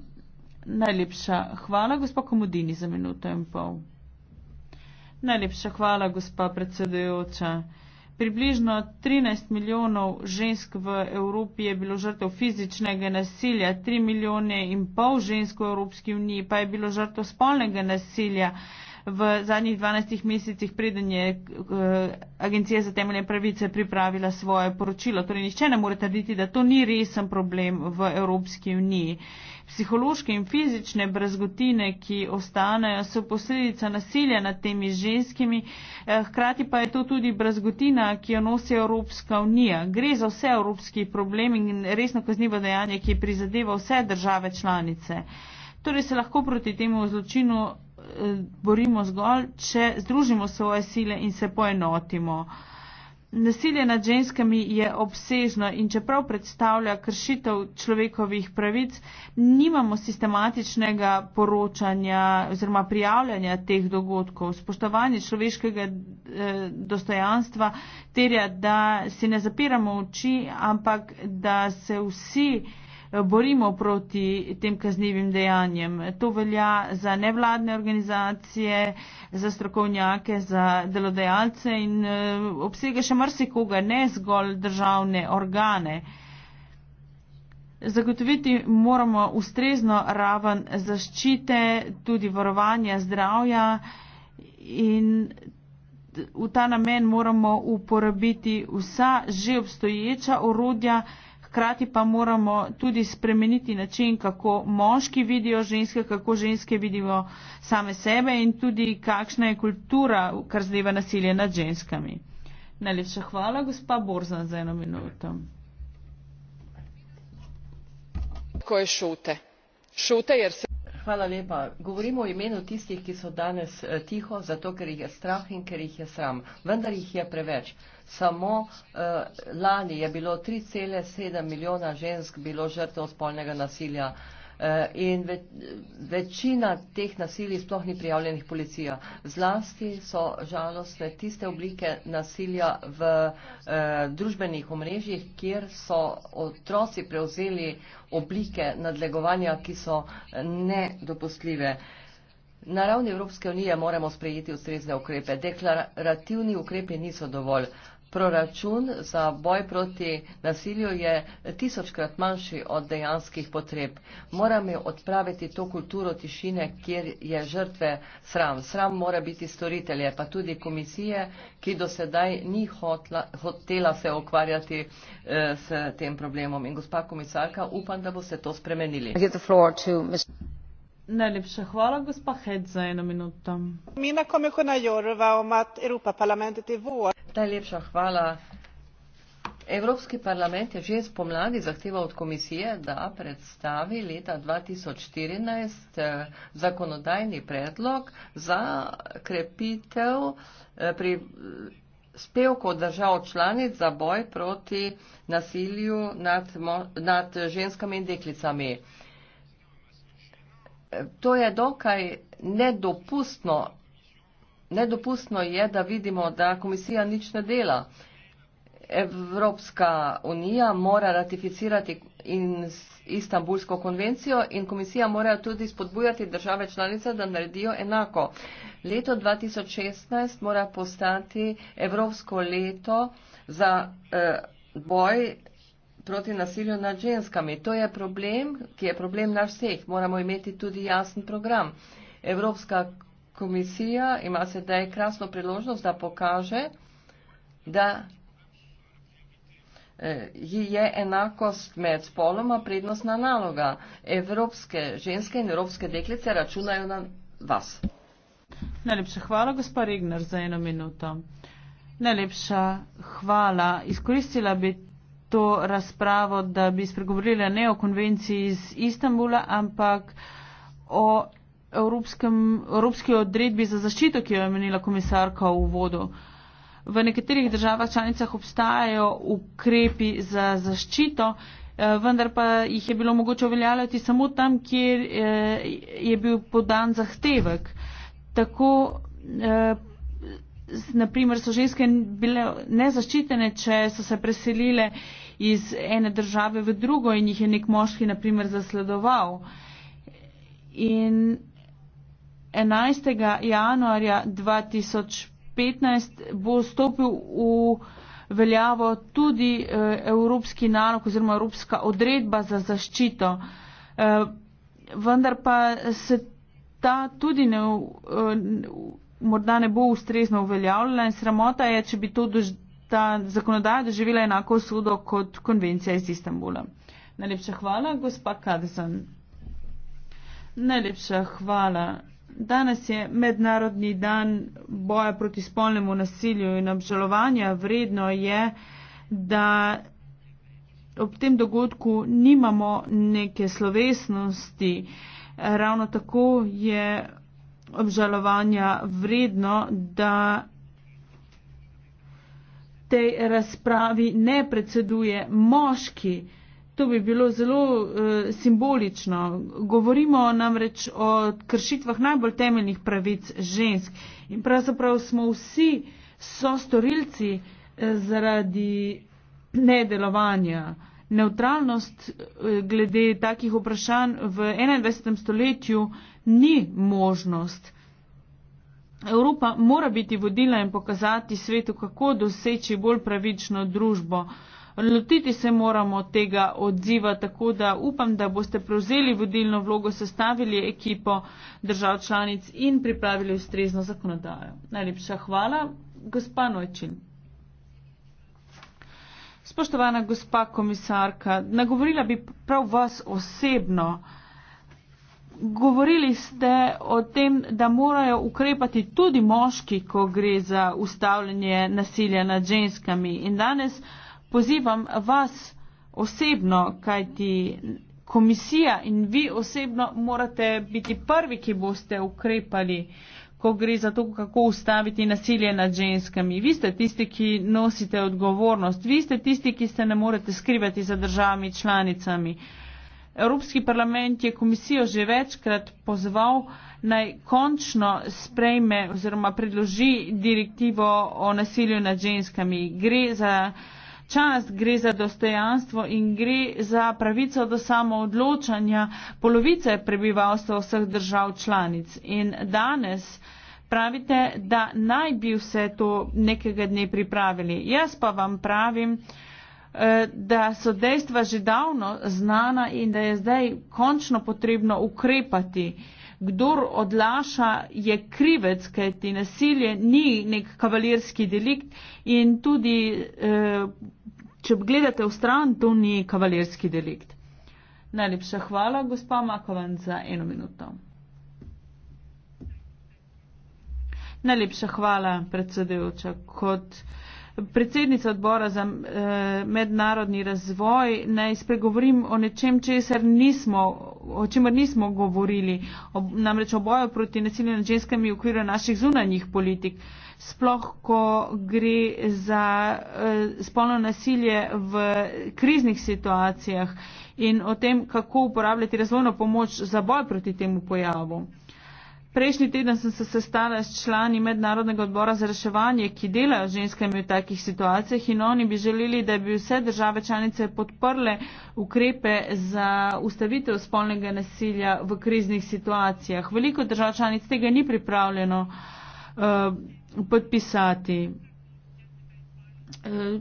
[SPEAKER 3] Najlepša hvala, gospod Komodini, za minuto in pol. Najlepša hvala, gospa predsedujoča. Približno 13 milijonov žensk v Evropi je bilo žrtev fizičnega nasilja, 3 milijone in pol žensk v Evropski uniji pa je bilo žrtev spolnega nasilja v zadnjih 12 mesecih, preden je eh, Agencija za temeljne pravice pripravila svoje poročilo. Torej, nišče ne more trditi, da to ni resen problem v Evropski uniji. Psihološke in fizične brezgotine, ki ostanejo, so posledica nasilja nad temi ženskimi, eh, hkrati pa je to tudi brezgotina, ki jo nosi Evropska unija. Gre za vse evropski problem in resno kaznivo dejanje, ki prizadeva vse države članice. Torej se lahko proti temu zločinu Eh, borimo zgolj, če združimo svoje sile in se poenotimo. Nasilje nad ženskami je obsežno in čeprav predstavlja kršitev človekovih pravic, nimamo sistematičnega poročanja oziroma prijavljanja teh dogodkov. Spoštovanje človeškega eh, dostojanstva terja, da si ne zapiramo oči, ampak da se vsi eh, Eh, borimo proti tem kaznivim dejanjem. To velja za nevladne organizacije, za strokovnjake, za delodajalce in eh, obsega še marsikoga, ne zgolj državne organe. Zagotoviti moramo ustrezno raven zaščite, tudi varovanja zdravja in v ta namen moramo uporabiti vsa že obstoječa urodja, Hkrati pa moramo tudi spremeniti način, kako moški vidijo ženske, kako ženske vidijo same sebe in tudi kakšna je kultura, kar zdeva nasilje nad ženskami. Najlepša hvala, gospa Borzan, za eno minuto.
[SPEAKER 1] Je šute. Šute, jer se... Hvala lepa. Govorimo o imenu tistih, ki so danes eh, tiho, zato ker jih je strah in ker jih je sram. Vendar jih je preveč. Samo uh, lani je bilo 3,7 milijona žensk bilo žrtev spolnega nasilja uh, in ve večina teh nasilij sploh ni prijavljenih policija. Zlasti so žalostne tiste oblike nasilja v uh, družbenih omrežjih, kjer so otroci prevzeli oblike nadlegovanja, ki so nedopustljive. Na ravni Evropske unije moramo sprejeti ustrezne ukrepe. Deklarativni ukrepi niso dovolj. Proračun za boj proti nasilju je tisočkrat manjši od dejanskih potreb. Moram je odpraviti to kulturo tišine, kjer je žrtve sram. Sram mora biti storitelje, pa tudi komisije, ki do sedaj ni hotla, hotela se ukvarjati eh, s tem problemom. In gospa komisarka, upam, da boste to spremenili.
[SPEAKER 3] Najlepša hvala, gospa Hed, za eno minuto. Mina Komekona Jorova, omat Evropa parlamente
[SPEAKER 1] te vore. Najlepša hvala. Evropski parlament je že spomladi zahteval od komisije, da predstavi leta 2014 eh, zakonodajni predlog za krepitev eh, pri spevku držav članic za boj proti nasilju nad, nad ženskami in deklicami. To je dokaj nedopustno. Nedopustno je, da vidimo, da komisija nič ne dela. Evropska unija mora ratificirati in istambulsko konvencijo in komisija mora tudi spodbujati države članice, da naredijo enako. Leto 2016 mora postati evropsko leto za eh, boj proti nasilju nad ženskami. To je problem, ki je problem naš vseh. Moramo imeti tudi jasen program. Evropska komisija ima sedaj krasno priložnost, da pokaže, da eh, je enakost med spoloma prednostna naloga. Evropske ženske in evropske deklice
[SPEAKER 3] računajo na vas. Najlepša hvala, gospod Regner, za eno minuto. Najlepša hvala. Izkoristila bi to razpravo, da bi spregovorili ne o konvenciji iz Istanbula, ampak o evropski odredbi za zaščito, ki jo je menila komisarka v vodu. V nekaterih državah članicah obstajajo ukrepi za zaščito, eh, vendar pa jih je bilo mogoče uveljavljati samo tam, kjer eh, je bil podan zahtevek. Tako eh, naprimer so ženske bile nezaščitene, če so se preselile iz ene države v drugo in jih je nek moški, naprimer, zasledoval. In 11. januarja 2015 bo stopil v veljavo tudi eh, evropski nalog oziroma evropska odredba za zaščito. Eh, vendar pa se ta tudi ne. Eh, morda ne bo ustrezno uveljavljena in sramota je, če bi dož, ta zakonodaja doživela enako sodo kot konvencija iz Istanbula. Najlepša hvala, gospa Kadesan. Najlepša hvala. Danes je mednarodni dan boja proti spolnemu nasilju in obžalovanja. Vredno je, da ob tem dogodku nimamo neke slovesnosti. Ravno tako je obžalovanja vredno, da tej razpravi ne predseduje moški. To bi bilo zelo uh, simbolično. Govorimo namreč o kršitvah najbolj temeljnih pravic žensk. In pravzaprav smo vsi so storilci uh, eh, zaradi nedelovanja neutralnost eh, glede takih vprašanj v 21. stoletju ni možnost. Evropa mora biti vodila in pokazati svetu, kako doseči bolj pravično družbo. Lotiti se moramo tega odziva, tako da upam, da boste prevzeli vodilno vlogo, sestavili ekipo držav članic in pripravili ustrezno zakonodajo. Najlepša hvala, gospa Nočin. Spoštovana gospa komisarka, nagovorila bi prav vas osebno. Govorili ste o tem, da morajo ukrepati tudi moški, ko gre za ustavljanje nasilja nad ženskami. In danes pozivam vas osebno, kajti komisija in vi osebno morate biti prvi, ki boste ukrepali. Uh, ko gre za to, kako ustaviti nasilje nad ženskami. Vi ste tisti, ki nosite odgovornost, vi ste tisti, ki se ne morete skrivati za državami članicami. Evropski parlament je komisijo že večkrat pozval naj končno sprejme oziroma predloži direktivo o nasilju nad ženskami. Gre za čas, gre za dostojanstvo in gre za pravico do samoodločanja polovice prebivalstva vseh držav članic. In danes pravite, da naj bi vse to nekega dne pripravili. Jaz pa vam pravim, eh, da so dejstva že davno znana in da je zdaj končno potrebno ukrepati. Kdor odlaša, je krivec, kajti nasilje ni nek kavalerski delikt in tudi eh, če gledate v stran, to ni kavalerski delikt. Najlepša hvala, gospa Makovan, za eno minuto. Najlepša hvala, predsedujoča. Kot predsednica odbora za eh, mednarodni razvoj naj spregovorim o nečem, česar nismo o čemer nismo govorili, ob, namreč o boju proti nasilju nad ženskami v okviru naših zunanjih politik. Sploh, ko gre za uh, spolno nasilje v kriznih situacijah in o tem, kako uporabljati razvojno pomoč za boj proti temu pojavu. Prejšnji teden sem se sestala s člani Mednarodnega odbora za reševanje, ki delajo z ženskami v takih situacijah in oni bi želeli, da bi vse države članice podprle ukrepe za ustavitev spolnega nasilja v kriznih situacijah. Veliko držav članic tega ni pripravljeno uh, podpisati. Eh,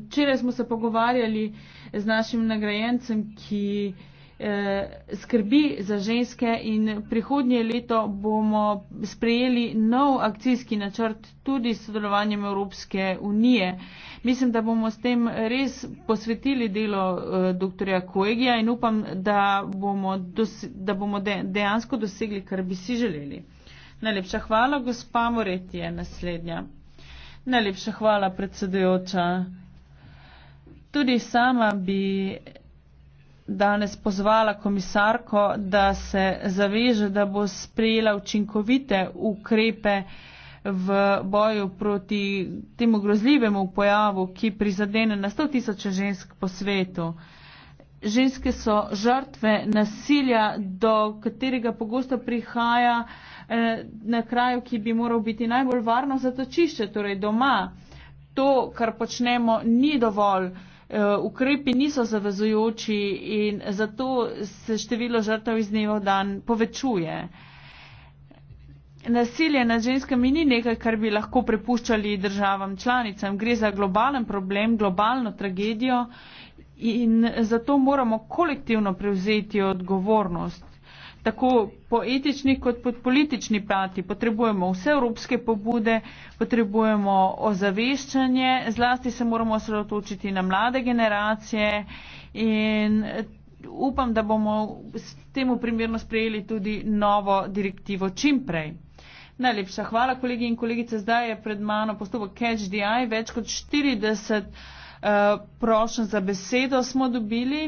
[SPEAKER 3] včeraj uh, smo se pogovarjali z našim nagrajencem, ki. Uh, Eh, skrbi za ženske in prihodnje leto bomo sprejeli nov akcijski načrt tudi s sodelovanjem Evropske unije. Mislim, da bomo s tem res posvetili delo eh, dr. Koegija in upam, da bomo, da bomo dejansko dosegli, kar bi si želeli. Najlepša hvala, gospa Moret je naslednja. Najlepša hvala, predsedujoča. Tudi sama bi danes pozvala komisarko, da se zaveže, da bo sprejela učinkovite ukrepe v boju proti temu grozljivemu pojavu, ki prizadene na 100 tisoče žensk po svetu. Ženske so žrtve nasilja, do katerega pogosto prihaja eh, na kraju, ki bi moral biti najbolj varno zatočišče, torej doma. To, kar počnemo, ni dovolj. Eh, ukrepi niso zavezujoči in zato se število žrtev iz dneva v dan povečuje. Nasilje nad ženskami ni nekaj, kar bi lahko prepuščali državam članicam. Gre za globalen problem, globalno tragedijo in zato moramo kolektivno prevzeti odgovornost tako po etični kot po politični plati. Potrebujemo vse evropske pobude, potrebujemo ozaveščanje, zlasti se moramo osredotočiti na mlade generacije in upam, da bomo s temu primerno sprejeli tudi novo direktivo čim prej. Najlepša hvala, kolegi in kolegice. Zdaj je pred mano postopek Catch the Eye. Več kot 40 uh, prošen za besedo smo dobili.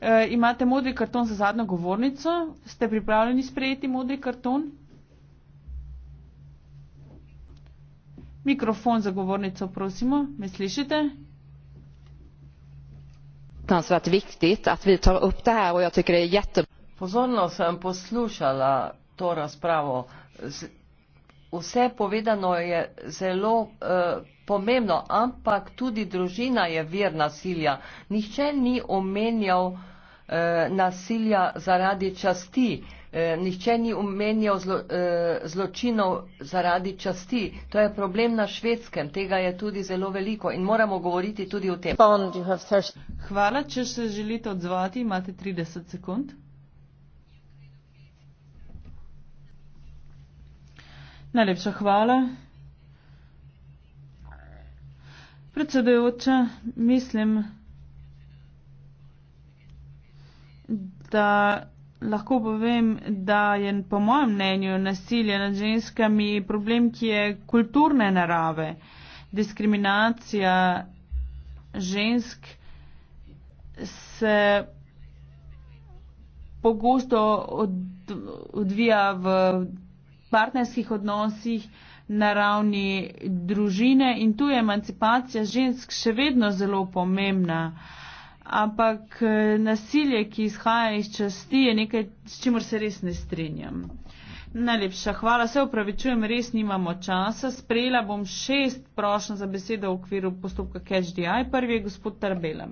[SPEAKER 3] E, imate modri karton za zadnjo govornico? Ste pripravljeni sprejeti modri karton? Mikrofon za govornico, prosimo, me slišite?
[SPEAKER 1] Pozorno sem poslušala to razpravo. Vse povedano je zelo uh, pomembno, ampak tudi družina je vir nasilja. Nihče ni omenjal e, nasilja zaradi časti, e, nihče ni omenjal zlo, e, zločinov zaradi časti. To je problem na švedskem, tega je tudi zelo veliko in moramo govoriti tudi o tem. Hvala, če se želite odzvati, imate
[SPEAKER 3] 30 sekund. Najlepša hvala. Predsedujoča, mislim, da lahko povem, da je po mojem mnenju nasilje nad ženskami problem, ki je kulturne narave. Diskriminacija žensk se pogosto odvija v partnerskih odnosih, na ravni družine in tu je emancipacija žensk še vedno zelo pomembna. Ampak eh, nasilje, ki izhaja iz časti, je nekaj, s čimer se res ne strinjam. Najlepša hvala, se upravičujem, res nimamo časa. Sprejela bom šest prošen za besedo v okviru postopka Catch the Eye. Prvi je gospod Tarbela.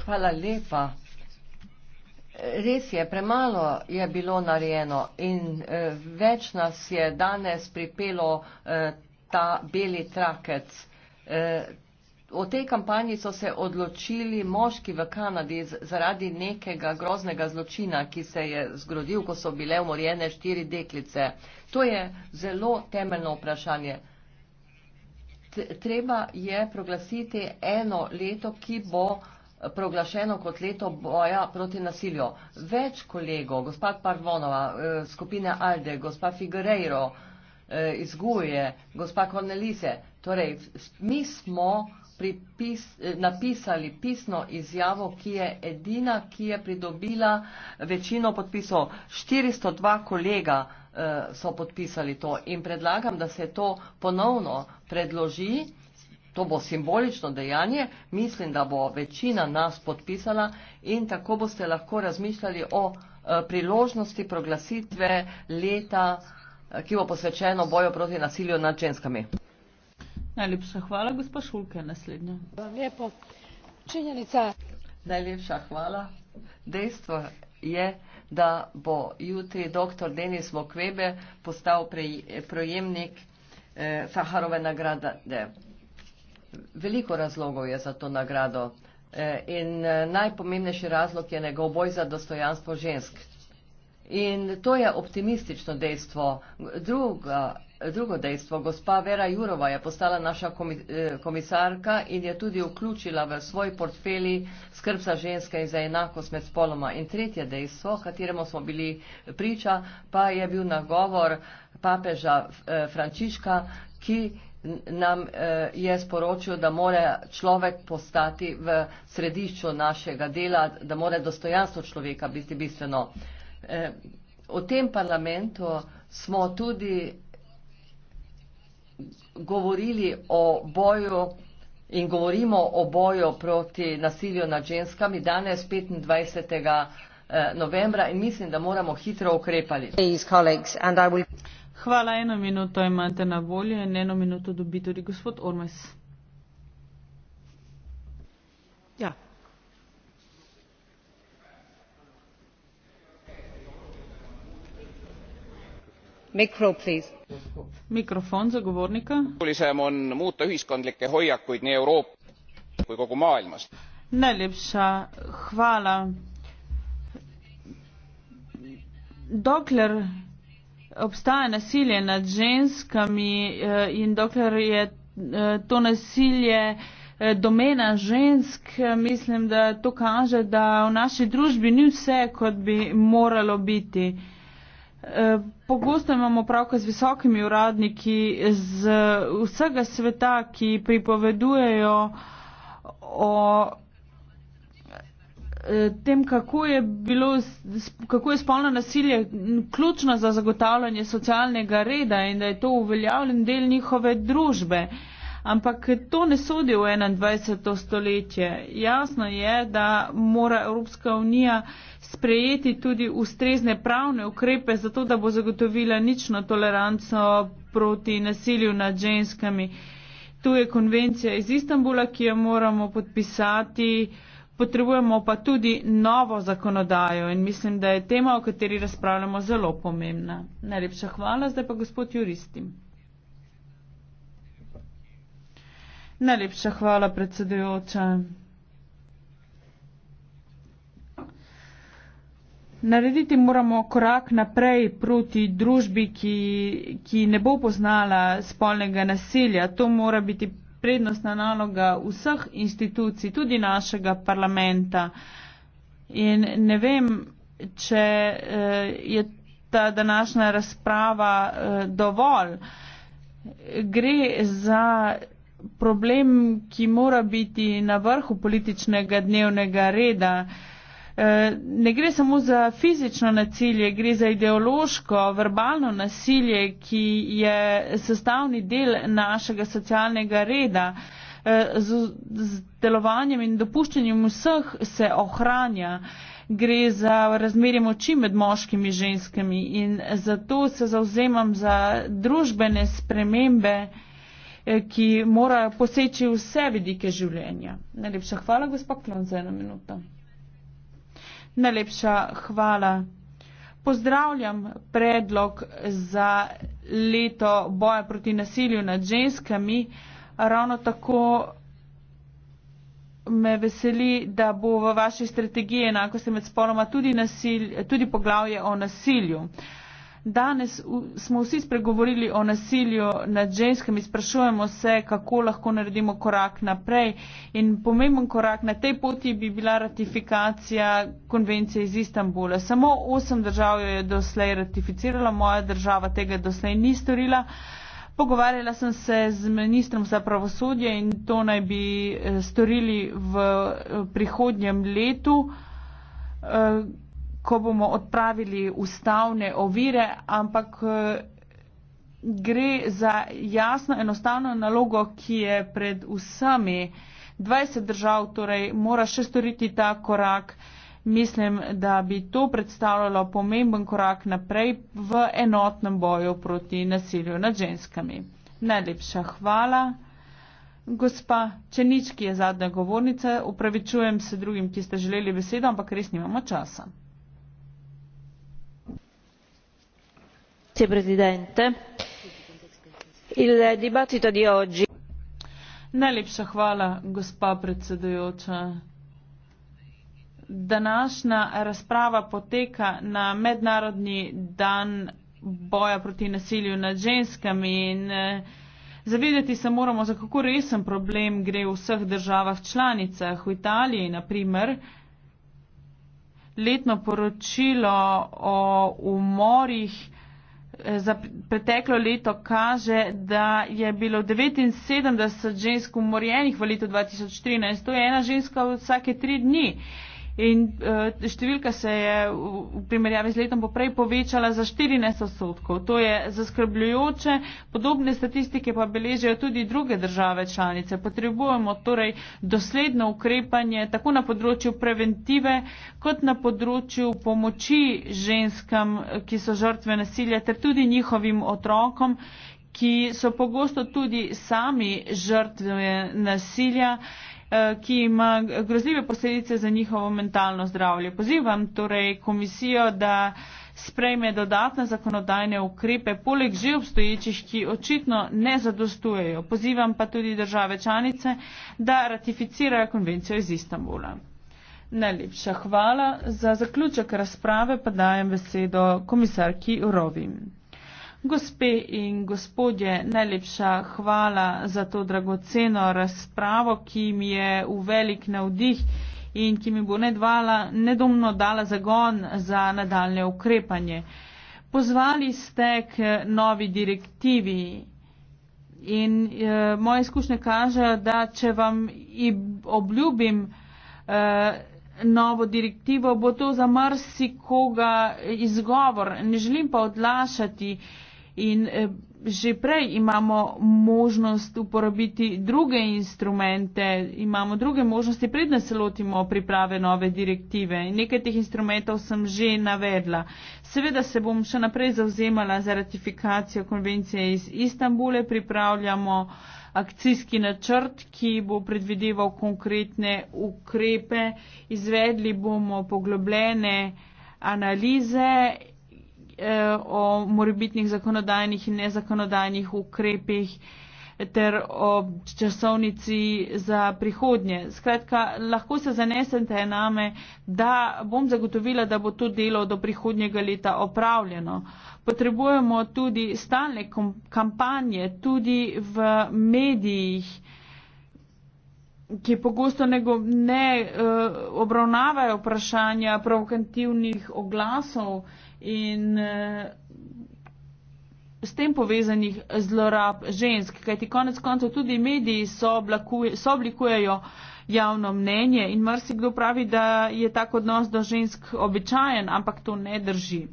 [SPEAKER 3] Hvala lepa.
[SPEAKER 1] Res je, premalo je bilo narejeno in eh, več nas je danes pripelo eh, ta beli trakec. Eh, o tej kampanji so se odločili moški v Kanadi zaradi nekega groznega zločina, ki se je zgodil, ko so bile umorjene štiri deklice. To je zelo temeljno vprašanje. T treba je proglasiti eno leto, ki bo. Eh, proglašeno kot leto boja proti nasilju. Več kolegov, gospa Parvonova, eh, skupine Alde, gospa Figueiredo eh, iz Guje, gospa Kornelise, torej mi smo pripis, eh, napisali pisno izjavo, ki je edina, ki je pridobila večino podpisov. 402 kolega so podpisali to in predlagam, da se to ponovno predloži. To bo simbolično dejanje, mislim, da bo večina nas podpisala in tako boste lahko razmišljali o eh, priložnosti proglasitve leta, eh, ki bo posvečeno boju proti nasilju nad ženskami. Najlepša
[SPEAKER 3] hvala, gospa Šulke, naslednja.
[SPEAKER 1] Lepo. Činjenica. Najlepša hvala. Dejstvo je, da bo jutri dr. Denis Mokvebe postal prej, projemnik eh, Saharove nagrade veliko razlogov je za to nagrado eh, in eh, najpomembnejši razlog je njegov boj za dostojanstvo žensk. In to je optimistično dejstvo. Druga, drugo dejstvo, gospa Vera Jurova je postala naša eh, komisarka in je tudi vključila v svoj portfelji skrb za ženske in za enakost med spoloma. In tretje dejstvo, kateremu smo bili priča, pa je bil nagovor papeža Frančiška, ki nam eh, je sporočil, da mora človek postati v središču našega dela, da mora dostojanstvo človeka biti bistveno. Eh, v tem parlamentu smo tudi govorili o boju in govorimo o boju proti nasilju nad ženskami danes
[SPEAKER 3] 25.
[SPEAKER 1] Eh, novembra in mislim, da moramo hitro ukrepati. Please,
[SPEAKER 3] Hvala, eno minuto imate na voljo in eno minuto dobi tudi gospod Ormes. Ja. Mikro, Mikrofon za govornika. Olisem on muuta ühiskondlike hoiakuid nii Euroopi kui kogu maailmas. Najlepša hvala. Dokler obstaja nasilje nad ženskami eh, in dokler je eh, to nasilje eh, domena žensk, mislim, da to kaže, da v naši družbi ni vse, kot bi moralo biti. Pogosto imamo pravko z visokimi uradniki z vsega sveta, ki pripovedujejo o Eh, tem, kako je, bilo, kako je spolno nasilje ključno za zagotavljanje socialnega reda in da je to uveljavljen del njihove družbe. Ampak to ne sodi v 21. stoletje. Jasno je, da mora Evropska unija sprejeti tudi ustrezne pravne ukrepe, zato da bo zagotovila nično toleranco proti nasilju nad ženskami. Tu je konvencija iz Istanbula, ki jo moramo podpisati. Uh, potrebujemo pa tudi novo zakonodajo in mislim, da je tema, o kateri razpravljamo, zelo pomembna. Najlepša hvala, zdaj pa gospod Juristim. Najlepša hvala, predsedujoča. Narediti moramo korak naprej proti družbi, ki, ki ne bo poznala spolnega nasilja. To mora biti prednostna naloga vseh institucij, tudi našega parlamenta. In ne vem, če eh, je ta današnja razprava eh, dovolj. Gre za problem, ki mora biti na vrhu političnega dnevnega reda. Eh, ne gre samo za fizično nasilje, gre za ideološko, verbalno nasilje, ki je sestavni del našega socialnega reda. Eh, z, z delovanjem in dopuščanjem vseh se ohranja. Gre za razmerje moči med moškimi in ženskami in zato se zauzemam za družbene spremembe, eh, ki morajo poseči vse vidike življenja. Najlepša hvala, gospod Klon, za eno minuto. Najlepša hvala. Pozdravljam predlog za leto boja proti nasilju nad ženskami. Ravno tako me veseli, da bo v vaši strategiji enako se med spoloma tudi, nasilj, tudi poglavje o nasilju. Uh, Danes smo vsi spregovorili o nasilju nad ženskami, sprašujemo se, kako lahko naredimo korak naprej. In pomemben korak na tej poti bi bila ratifikacija konvencije iz Istanbula. Samo osem držav jo je doslej ratificirala, moja država tega doslej ni storila. Pogovarjala sem se z ministrom za pravosodje in to naj bi eh, storili v eh, prihodnjem letu. Eh, ko bomo odpravili ustavne ovire, ampak eh, gre za jasno, enostavno nalogo, ki je pred vsemi 20 držav, torej mora še storiti ta korak. Mislim, da bi to predstavljalo pomemben korak naprej v enotnem boju proti nasilju nad ženskami. Najlepša hvala. Gospa Čenički je zadnja govornica. Upravičujem se drugim, ki ste želeli besedo, ampak res nimamo časa. signor presidente il dibattito di oggi. Najlepša hvala, gospa predsedujoča. Današnja razprava poteka na mednarodni dan boja proti nasilju nad ženskami in eh, zavedati se moramo, za kako resen problem gre v vseh državah članicah. V Italiji, na primer, letno poročilo o umorih Eh, za preteklo leto kaže, da je bilo 79 žensk umorjenih v letu 2013. To je ena ženska vsake tri dni in uh, številka se je v primerjavi z letom poprej povečala za 14 odstotkov. To je zaskrbljujoče. Podobne statistike pa beležijo tudi druge države članice. Potrebujemo torej dosledno ukrepanje tako na področju preventive kot na področju pomoči ženskam, ki so žrtve nasilja, ter tudi njihovim otrokom ki so pogosto tudi sami žrtve nasilja. Eh, ki ima grozljive posledice za njihovo mentalno zdravje. Pozivam torej komisijo, da sprejme dodatne zakonodajne ukrepe, poleg že obstoječih, ki očitno ne zadostujejo. Pozivam pa tudi države članice, da ratificirajo konvencijo iz Istanbula. Najlepša hvala. Za zaključek razprave pa dajem besedo komisarki Rovim. Gospe in gospodje, najlepša hvala za to dragoceno razpravo, ki mi je v velik navdih in ki mi bo nedvala, nedomno dala zagon za nadaljne ukrepanje. Pozvali ste k novi direktivi in e, moje izkušnje kaže, da če vam obljubim e, novo direktivo, bo to za marsikoga izgovor. Ne želim pa odlašati in eh, že prej imamo možnost uporabiti druge instrumente, imamo druge možnosti, predne se lotimo priprave nove direktive. Nekaj teh instrumentov sem že navedla. Seveda se bom še naprej zauzemala za ratifikacijo konvencije iz Istanbule, pripravljamo akcijski načrt, ki bo predvideval konkretne ukrepe, izvedli bomo poglobljene analize eh, o morebitnih zakonodajnih in nezakonodajnih ukrepih ter o časovnici za prihodnje. Skratka, lahko se zanesete name, da bom zagotovila, da bo to delo do prihodnjega leta opravljeno. Potrebujemo tudi stalne kampanje, tudi v medijih, ki pogosto ne, ne uh, obravnavajo vprašanja provokativnih oglasov in eh, s tem povezanih zlorab žensk, kajti konec koncev tudi mediji so, oblakuje, so oblikujejo javno mnenje in marsikdo pravi, da je tak odnos do žensk običajen, ampak to ne drži.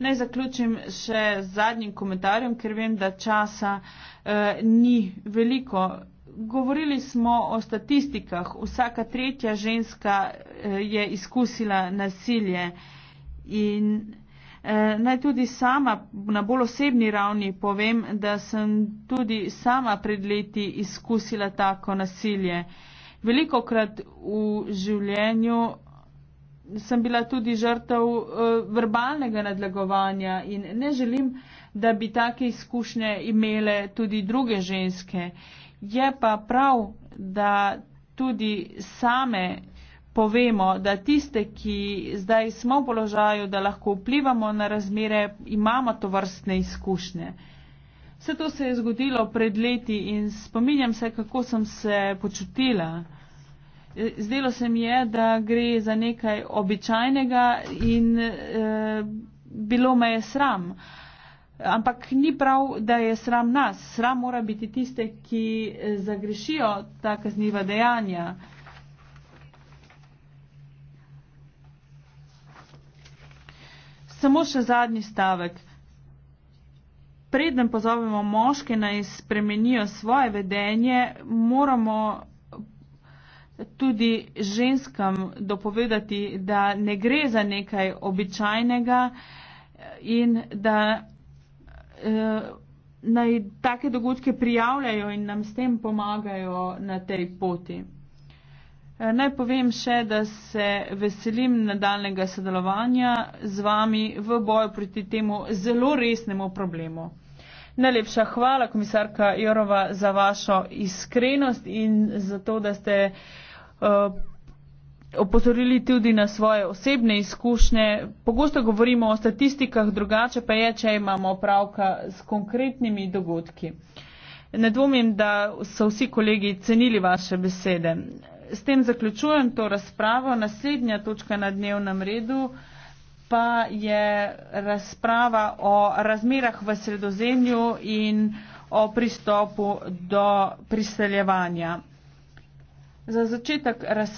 [SPEAKER 3] Naj zaključim še z zadnjim komentarjem, ker vem, da časa eh, ni veliko. Govorili smo o statistikah. Vsaka tretja ženska eh, je izkusila nasilje in Eh, naj tudi sama na bolj osebni ravni povem, da sem tudi sama pred leti izkusila tako nasilje. Veliko krat v življenju sem bila tudi žrtev eh, verbalnega nadlegovanja in ne želim, da bi take izkušnje imele tudi druge ženske. Je pa prav, da tudi same povemo, da tiste, ki zdaj smo v položaju, da lahko vplivamo na razmere, imamo to vrstne izkušnje. Vse to se je zgodilo pred leti in spominjam se, kako sem se počutila. Zdelo se mi je, da gre za nekaj običajnega in e, bilo me je sram. Ampak ni prav, da je sram nas. Sram mora biti tiste, ki eh, zagrešijo ta kazniva dejanja. E, samo še zadnji stavek. Preden pozovemo moške, naj spremenijo svoje vedenje, moramo tudi ženskam dopovedati, da ne gre za nekaj običajnega in da eh, naj take dogodke prijavljajo in nam s tem pomagajo na tej poti. Eh, naj povem še, da se veselim nadaljnega sodelovanja z vami v boju proti temu zelo resnemu problemu. Najlepša hvala, komisarka Jorova, za vašo iskrenost in za to, da ste eh, opozorili tudi na svoje osebne izkušnje. Pogosto govorimo o statistikah, drugače pa je, če imamo opravka s konkretnimi dogodki. Ne dvomim, da so vsi kolegi cenili vaše besede s tem zaključujem to razpravo. Naslednja točka na dnevnem redu pa je razprava o razmerah v sredozemlju in o pristopu do priseljevanja. Za začetek razpravo.